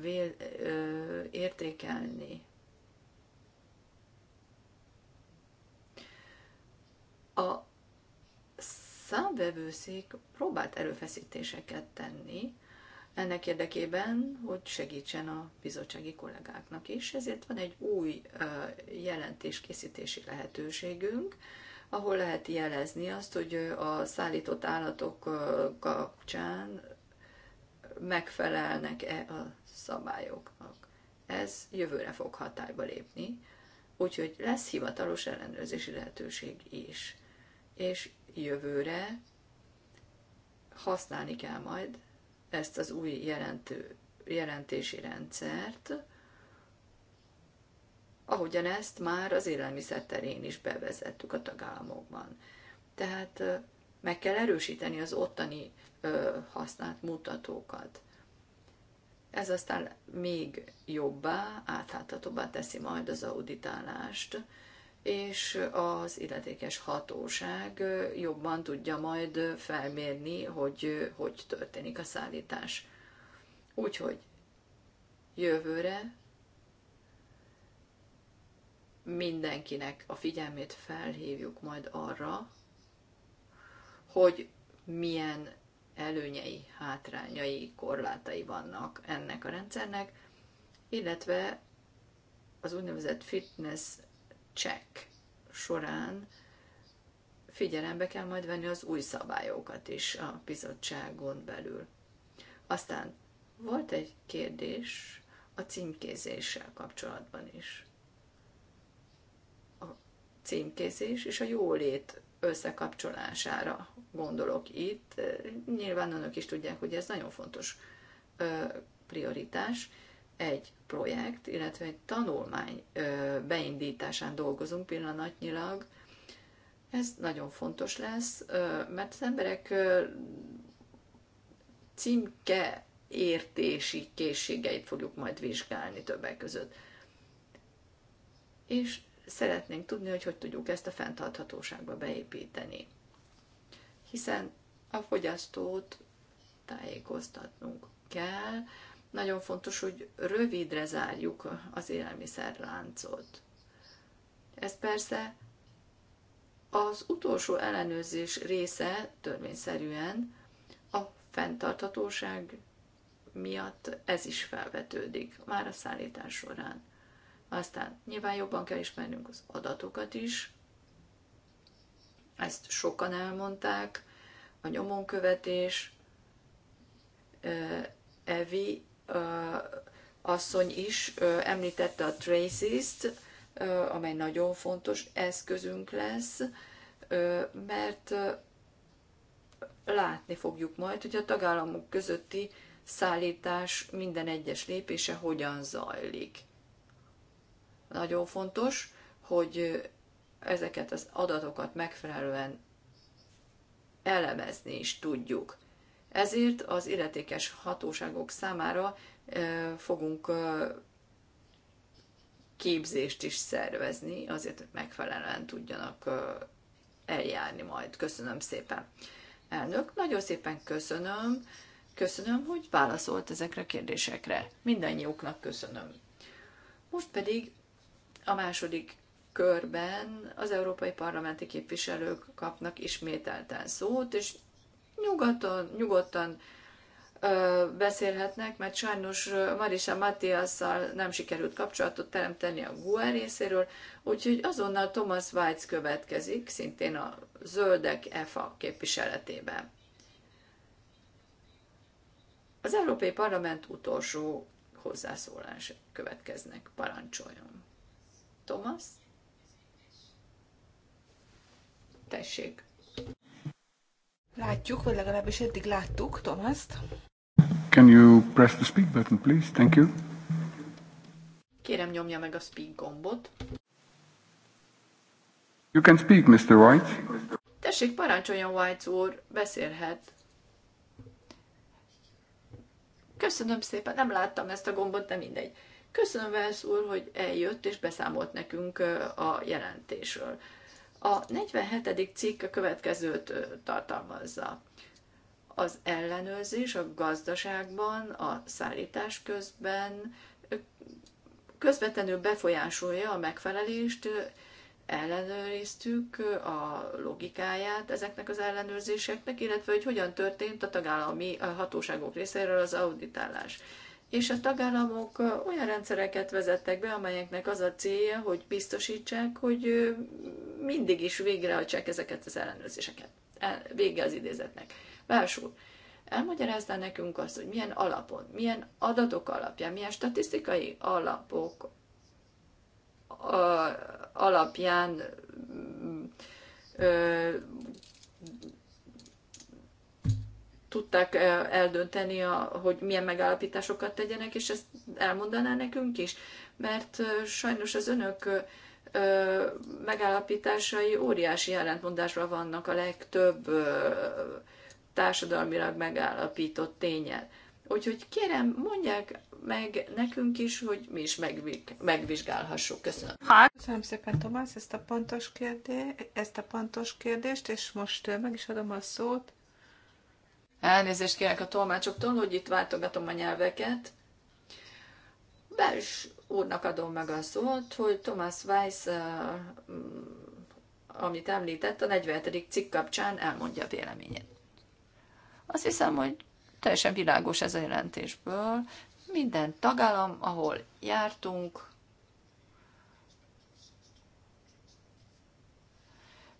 vél, ö, értékelni. A számvevőszék próbált erőfeszítéseket tenni ennek érdekében, hogy segítsen a bizottsági kollégáknak is, ezért van egy új ö, jelentéskészítési lehetőségünk, ahol lehet jelezni azt, hogy a szállított állatok kapcsán megfelelnek-e a szabályoknak. Ez jövőre fog hatályba lépni, úgyhogy lesz hivatalos ellenőrzési lehetőség is. És jövőre használni kell majd ezt az új jelentő, jelentési rendszert, ahogyan ezt már az élelmiszer terén is bevezettük a tagállamokban. Tehát meg kell erősíteni az ottani használt mutatókat. Ez aztán még jobbá, átláthatóbbá teszi majd az auditálást, és az illetékes hatóság jobban tudja majd felmérni, hogy hogy történik a szállítás. Úgyhogy jövőre mindenkinek a figyelmét felhívjuk majd arra, hogy milyen előnyei, hátrányai, korlátai vannak ennek a rendszernek, illetve az úgynevezett fitness check során figyelembe kell majd venni az új szabályokat is a bizottságon belül. Aztán volt egy kérdés a címkézéssel kapcsolatban is címkészés és a jólét összekapcsolására gondolok itt. Nyilván önök is tudják, hogy ez nagyon fontos prioritás. Egy projekt, illetve egy tanulmány beindításán dolgozunk pillanatnyilag. Ez nagyon fontos lesz, mert az emberek címke értési készségeit fogjuk majd vizsgálni többek között. És szeretnénk tudni, hogy hogy tudjuk ezt a fenntarthatóságba beépíteni. Hiszen a fogyasztót tájékoztatnunk kell. Nagyon fontos, hogy rövidre zárjuk az élelmiszerláncot. Ez persze az utolsó ellenőrzés része törvényszerűen a fenntarthatóság miatt ez is felvetődik, már a szállítás során. Aztán nyilván jobban kell ismernünk az adatokat is, ezt sokan elmondták, a nyomonkövetés, Evi asszony is említette a Traces-t, amely nagyon fontos eszközünk lesz, mert látni fogjuk majd, hogy a tagállamok közötti szállítás minden egyes lépése hogyan zajlik. Nagyon fontos, hogy ezeket az adatokat megfelelően elemezni is tudjuk. Ezért az illetékes hatóságok számára fogunk képzést is szervezni, azért, hogy megfelelően tudjanak eljárni majd. Köszönöm szépen. Elnök, nagyon szépen köszönöm. Köszönöm, hogy válaszolt ezekre a kérdésekre. Mindannyiuknak köszönöm. Most pedig a második körben az európai parlamenti képviselők kapnak ismételten szót, és nyugaton, nyugodtan ö, beszélhetnek, mert sajnos Marisa Matiasszal nem sikerült kapcsolatot teremteni a GUE részéről, úgyhogy azonnal Thomas Weitz következik, szintén a Zöldek EFA képviseletében. Az Európai Parlament utolsó hozzászólás következnek. Parancsoljon! Thomas. Tessék. Látjuk, vagy legalábbis eddig láttuk Thomas-t. Can you press the speak button, please? Thank you. Kérem, nyomja meg a speak gombot. You can speak, Mr. White. Tessék, parancsoljon, White úr, beszélhet. Köszönöm szépen, nem láttam ezt a gombot, de mindegy. Köszönöm Velsz úr, hogy eljött és beszámolt nekünk a jelentésről. A 47. cikk a következőt tartalmazza. Az ellenőrzés a gazdaságban, a szállítás közben közvetlenül befolyásolja a megfelelést, ellenőriztük a logikáját ezeknek az ellenőrzéseknek, illetve hogy hogyan történt a tagállami hatóságok részéről az auditálás és a tagállamok olyan rendszereket vezettek be, amelyeknek az a célja, hogy biztosítsák, hogy mindig is végrehajtsák ezeket az ellenőrzéseket. El, vége az idézetnek. Vásul, elmagyarázná nekünk azt, hogy milyen alapon, milyen adatok alapján, milyen statisztikai alapok alapján tudták eldönteni, hogy milyen megállapításokat tegyenek, és ezt elmondaná nekünk is. Mert sajnos az önök megállapításai óriási ellentmondásra vannak a legtöbb társadalmilag megállapított tényel. Úgyhogy kérem, mondják meg nekünk is, hogy mi is megvizsgálhassuk. Köszönöm. Köszönöm szépen, Tomás, ezt a pontos, kérdést, ezt a pontos kérdést, és most meg is adom a szót Elnézést kérek a tolmácsoktól, hogy itt váltogatom a nyelveket. Bels úrnak adom meg a szót, hogy Thomas Weiss, amit említett, a 47. cikk kapcsán elmondja a véleményét. Azt hiszem, hogy teljesen világos ez a jelentésből. Minden tagállam, ahol jártunk,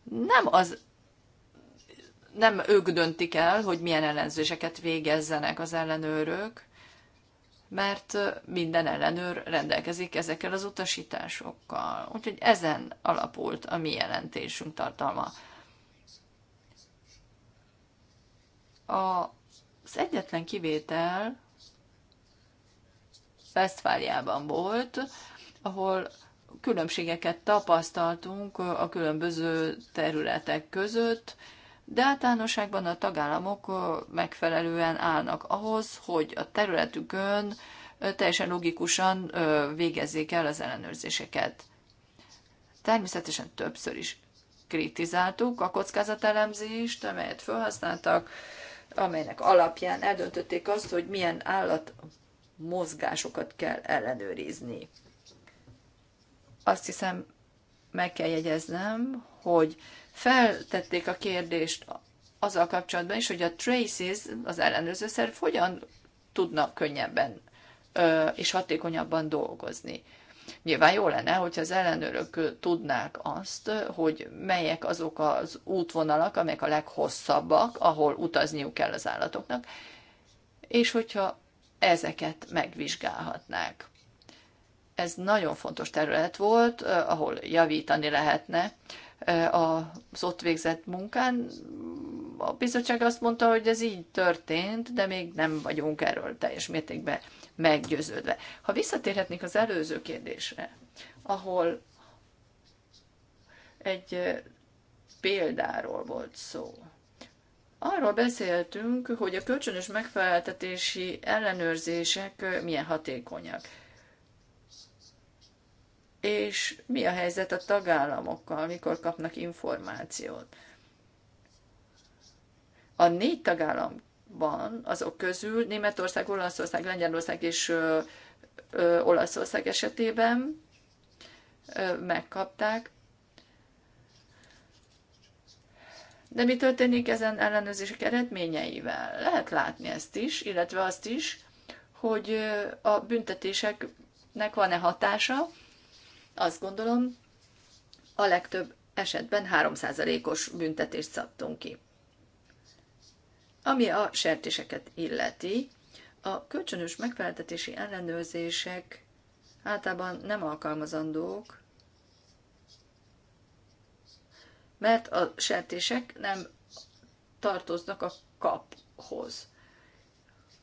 nem az nem ők döntik el, hogy milyen ellenzéseket végezzenek az ellenőrök, mert minden ellenőr rendelkezik ezekkel az utasításokkal. Úgyhogy ezen alapult a mi jelentésünk tartalma. Az egyetlen kivétel Westfáliában volt, ahol különbségeket tapasztaltunk a különböző területek között, de általánosságban a tagállamok megfelelően állnak ahhoz, hogy a területükön teljesen logikusan végezzék el az ellenőrzéseket. Természetesen többször is kritizáltuk a kockázatelemzést, amelyet felhasználtak, amelynek alapján eldöntötték azt, hogy milyen állat mozgásokat kell ellenőrizni. Azt hiszem, meg kell jegyeznem, hogy feltették a kérdést azzal kapcsolatban is, hogy a traces, az ellenőrző szerv hogyan tudnak könnyebben ö, és hatékonyabban dolgozni. Nyilván jó lenne, hogyha az ellenőrök tudnák azt, hogy melyek azok az útvonalak, amelyek a leghosszabbak, ahol utazniuk kell az állatoknak, és hogyha ezeket megvizsgálhatnák. Ez nagyon fontos terület volt, ahol javítani lehetne Eh, az ott végzett munkán. A bizottság azt mondta, hogy ez így történt, de még nem vagyunk erről teljes mértékben meggyőződve. Ha visszatérhetnék az előző kérdésre, ahol egy eh, példáról volt szó. Arról beszéltünk, hogy a kölcsönös megfeleltetési ellenőrzések eh, milyen hatékonyak és mi a helyzet a tagállamokkal, mikor kapnak információt. A négy tagállamban azok közül Németország, Olaszország, Lengyelország és ö, ö, Olaszország esetében ö, megkapták. De mi történik ezen ellenőrzések eredményeivel? Lehet látni ezt is, illetve azt is, hogy a büntetéseknek van-e hatása, azt gondolom, a legtöbb esetben 3%-os büntetést szabtunk ki. Ami a sertéseket illeti, a kölcsönös megfeleltetési ellenőrzések általában nem alkalmazandók, mert a sertések nem tartoznak a kaphoz.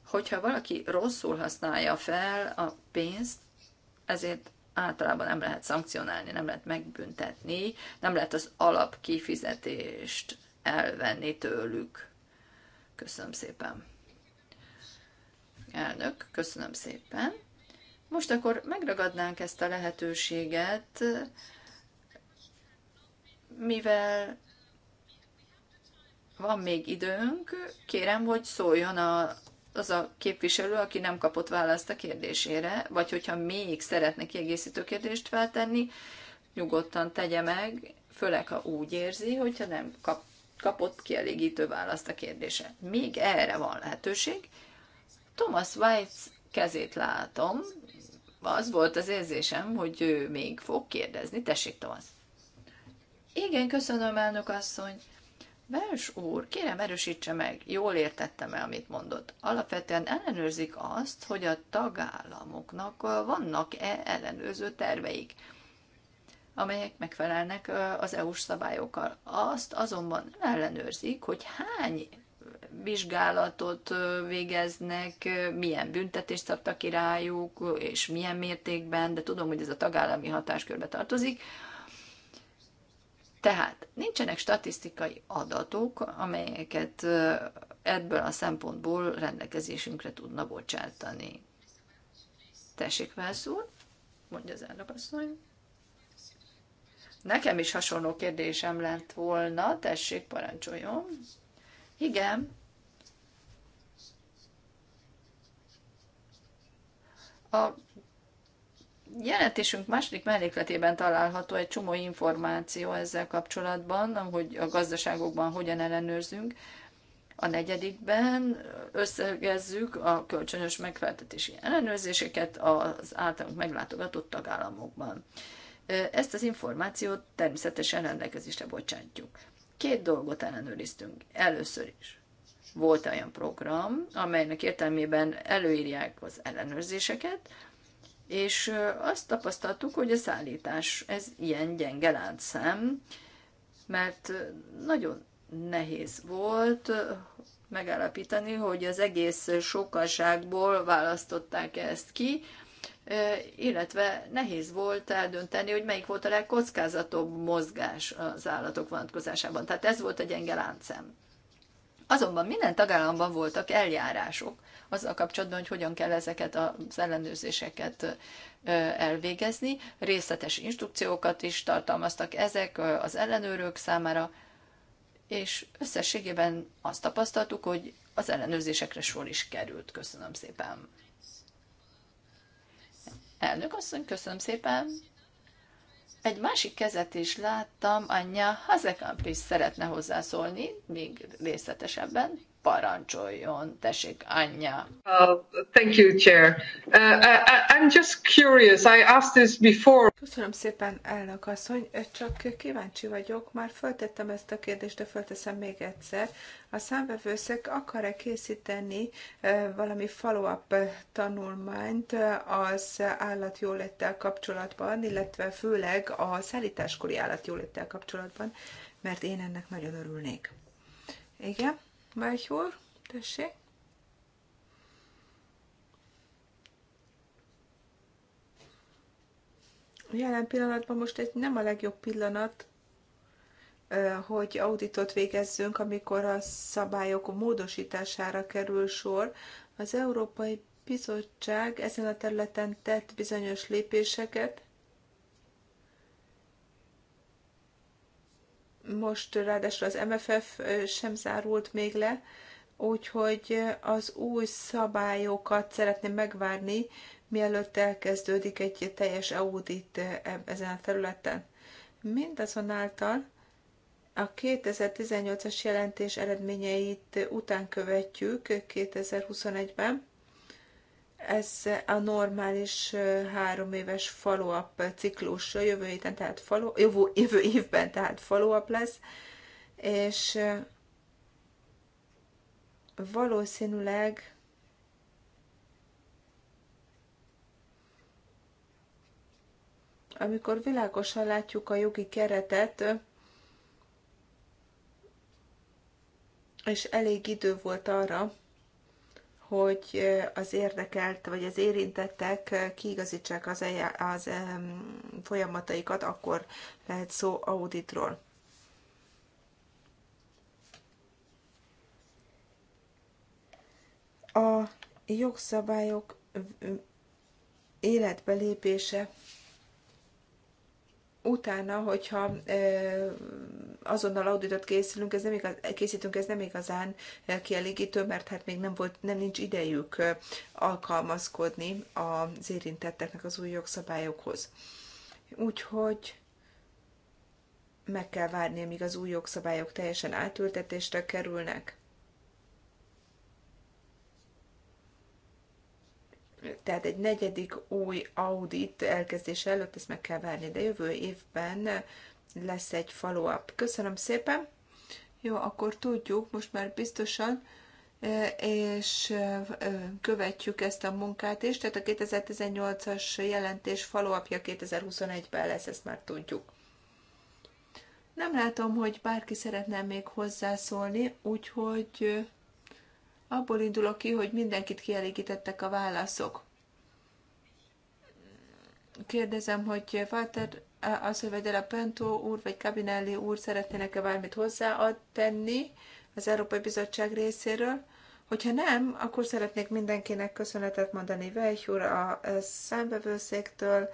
Hogyha valaki rosszul használja fel a pénzt, ezért általában nem lehet szankcionálni, nem lehet megbüntetni, nem lehet az alapkifizetést elvenni tőlük. Köszönöm szépen. Elnök, köszönöm szépen. Most akkor megragadnánk ezt a lehetőséget, mivel van még időnk, kérem, hogy szóljon a az a képviselő, aki nem kapott választ a kérdésére, vagy hogyha még szeretne kiegészítő kérdést feltenni, nyugodtan tegye meg, főleg ha úgy érzi, hogyha nem kap, kapott kielégítő választ a kérdése. Még erre van lehetőség. Thomas White kezét látom, az volt az érzésem, hogy ő még fog kérdezni. Tessék, Thomas. Igen, köszönöm, elnök asszony. Bels úr, kérem erősítse meg, jól értettem el, amit mondott. Alapvetően ellenőrzik azt, hogy a tagállamoknak vannak-e ellenőrző terveik, amelyek megfelelnek az EU-s szabályokkal. Azt azonban ellenőrzik, hogy hány vizsgálatot végeznek, milyen büntetést szabtak irájuk, és milyen mértékben, de tudom, hogy ez a tagállami hatáskörbe tartozik, tehát nincsenek statisztikai adatok, amelyeket ebből a szempontból rendelkezésünkre tudna bocsátani. Tessék, Vász mondja az elnökasszony. Nekem is hasonló kérdésem lett volna, tessék, parancsoljon. Igen. A jelentésünk második mellékletében található egy csomó információ ezzel kapcsolatban, hogy a gazdaságokban hogyan ellenőrzünk. A negyedikben összegezzük a kölcsönös megfeltetési ellenőrzéseket az általunk meglátogatott tagállamokban. Ezt az információt természetesen rendelkezésre bocsátjuk. Két dolgot ellenőriztünk. Először is volt olyan program, amelynek értelmében előírják az ellenőrzéseket, és azt tapasztaltuk, hogy a szállítás ez ilyen gyenge láncszem, mert nagyon nehéz volt megállapítani, hogy az egész sokaságból választották ezt ki, illetve nehéz volt eldönteni, hogy melyik volt a legkockázatobb mozgás az állatok vonatkozásában. Tehát ez volt a gyenge láncem. Azonban minden tagállamban voltak eljárások, azzal kapcsolatban, hogy hogyan kell ezeket az ellenőrzéseket elvégezni. Részletes instrukciókat is tartalmaztak ezek az ellenőrök számára, és összességében azt tapasztaltuk, hogy az ellenőrzésekre sor is került. Köszönöm szépen. Elnök asszony, köszönöm szépen. Egy másik kezet is láttam, anyja Hazekamp is szeretne hozzászólni, még részletesebben parancsoljon. Tessék, anyja. Uh, thank you, Chair. Uh, I, I'm just curious. I asked this before. Köszönöm szépen, elnök asszony. Csak kíváncsi vagyok. Már föltettem ezt a kérdést, de fölteszem még egyszer. A számvevőszék akar-e készíteni uh, valami follow-up uh, tanulmányt uh, az állatjóléttel kapcsolatban, illetve főleg a szállításkori állatjóléttel kapcsolatban, mert én ennek nagyon örülnék. Igen? Melchior, tessék. Jelen pillanatban most egy nem a legjobb pillanat, hogy auditot végezzünk, amikor a szabályok módosítására kerül sor. Az Európai Bizottság ezen a területen tett bizonyos lépéseket, most ráadásul az MFF sem zárult még le, úgyhogy az új szabályokat szeretném megvárni, mielőtt elkezdődik egy teljes audit ezen a területen. Mindazonáltal a 2018-as jelentés eredményeit után követjük 2021-ben, ez a normális három éves follow-up ciklus jövő héten, tehát follow, jövő, jövő évben tehát up lesz, és valószínűleg amikor világosan látjuk a jogi keretet, és elég idő volt arra, hogy az érdekelt vagy az érintettek kiigazítsák az, az folyamataikat, akkor lehet szó auditról. A jogszabályok életbelépése lépése utána, hogyha azonnal auditot készülünk, ez nem igaz, készítünk, ez nem igazán kielégítő, mert hát még nem, volt, nem nincs idejük alkalmazkodni az érintetteknek az új jogszabályokhoz. Úgyhogy meg kell várni, amíg az új jogszabályok teljesen átültetésre kerülnek. tehát egy negyedik új audit elkezdése előtt ezt meg kell várni, de jövő évben lesz egy follow-up. Köszönöm szépen! Jó, akkor tudjuk most már biztosan, e, és e, e, követjük ezt a munkát is, tehát a 2018-as jelentés follow-upja 2021-ben lesz, ezt már tudjuk. Nem látom, hogy bárki szeretne még hozzászólni, úgyhogy Abból indulok ki, hogy mindenkit kielégítettek a válaszok. Kérdezem, hogy Walter Asszövedel a Pentó úr vagy Kabinelli úr szeretnének-e valamit hozzáadni az Európai Bizottság részéről? Hogyha nem, akkor szeretnék mindenkinek köszönetet mondani Vejh úr a számbevőszéktől,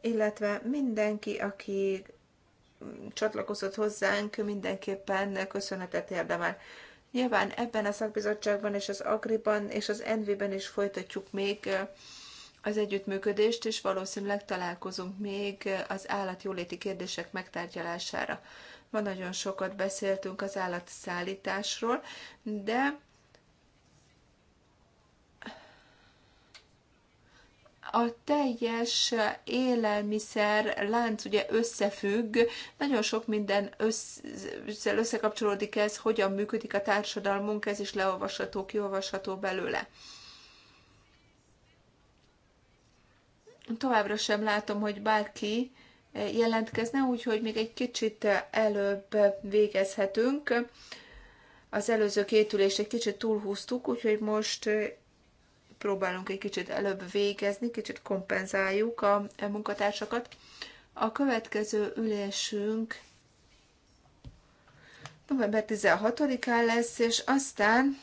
illetve mindenki, aki csatlakozott hozzánk, mindenképpen köszönetet érdemel. Nyilván ebben a szakbizottságban és az Agriban és az Enviben is folytatjuk még az együttműködést, és valószínűleg találkozunk még az állatjóléti kérdések megtárgyalására. Ma nagyon sokat beszéltünk az állatszállításról, de A teljes élelmiszer lánc ugye összefügg, nagyon sok minden össze, összekapcsolódik ez, hogyan működik a társadalmunk, ez is leolvasható, kiolvasható belőle. Továbbra sem látom, hogy bárki jelentkezne, úgyhogy még egy kicsit előbb végezhetünk. Az előző két ülést egy kicsit túlhúztuk, úgyhogy most próbálunk egy kicsit előbb végezni, kicsit kompenzáljuk a munkatársakat. A következő ülésünk november 16-án lesz, és aztán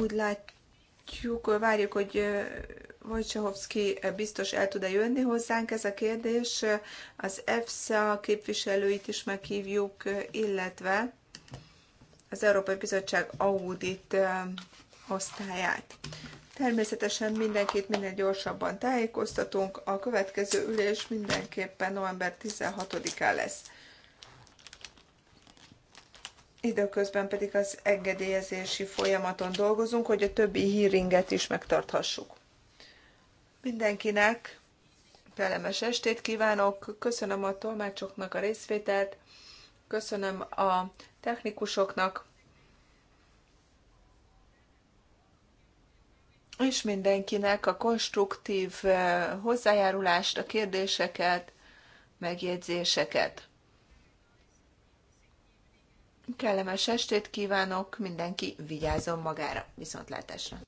úgy látjuk, várjuk, hogy Vojcsehovszki biztos el tud-e jönni hozzánk ez a kérdés. Az EFSA képviselőit is meghívjuk, illetve az Európai Bizottság audit osztályát. Természetesen mindenkit minél gyorsabban tájékoztatunk. A következő ülés mindenképpen november 16-án lesz. Időközben pedig az engedélyezési folyamaton dolgozunk, hogy a többi hearinget is megtarthassuk. Mindenkinek kellemes estét kívánok, köszönöm a tolmácsoknak a részvételt, köszönöm a technikusoknak, és mindenkinek a konstruktív eh, hozzájárulást, a kérdéseket, megjegyzéseket. Kellemes estét kívánok, mindenki vigyázzon magára. Viszontlátásra!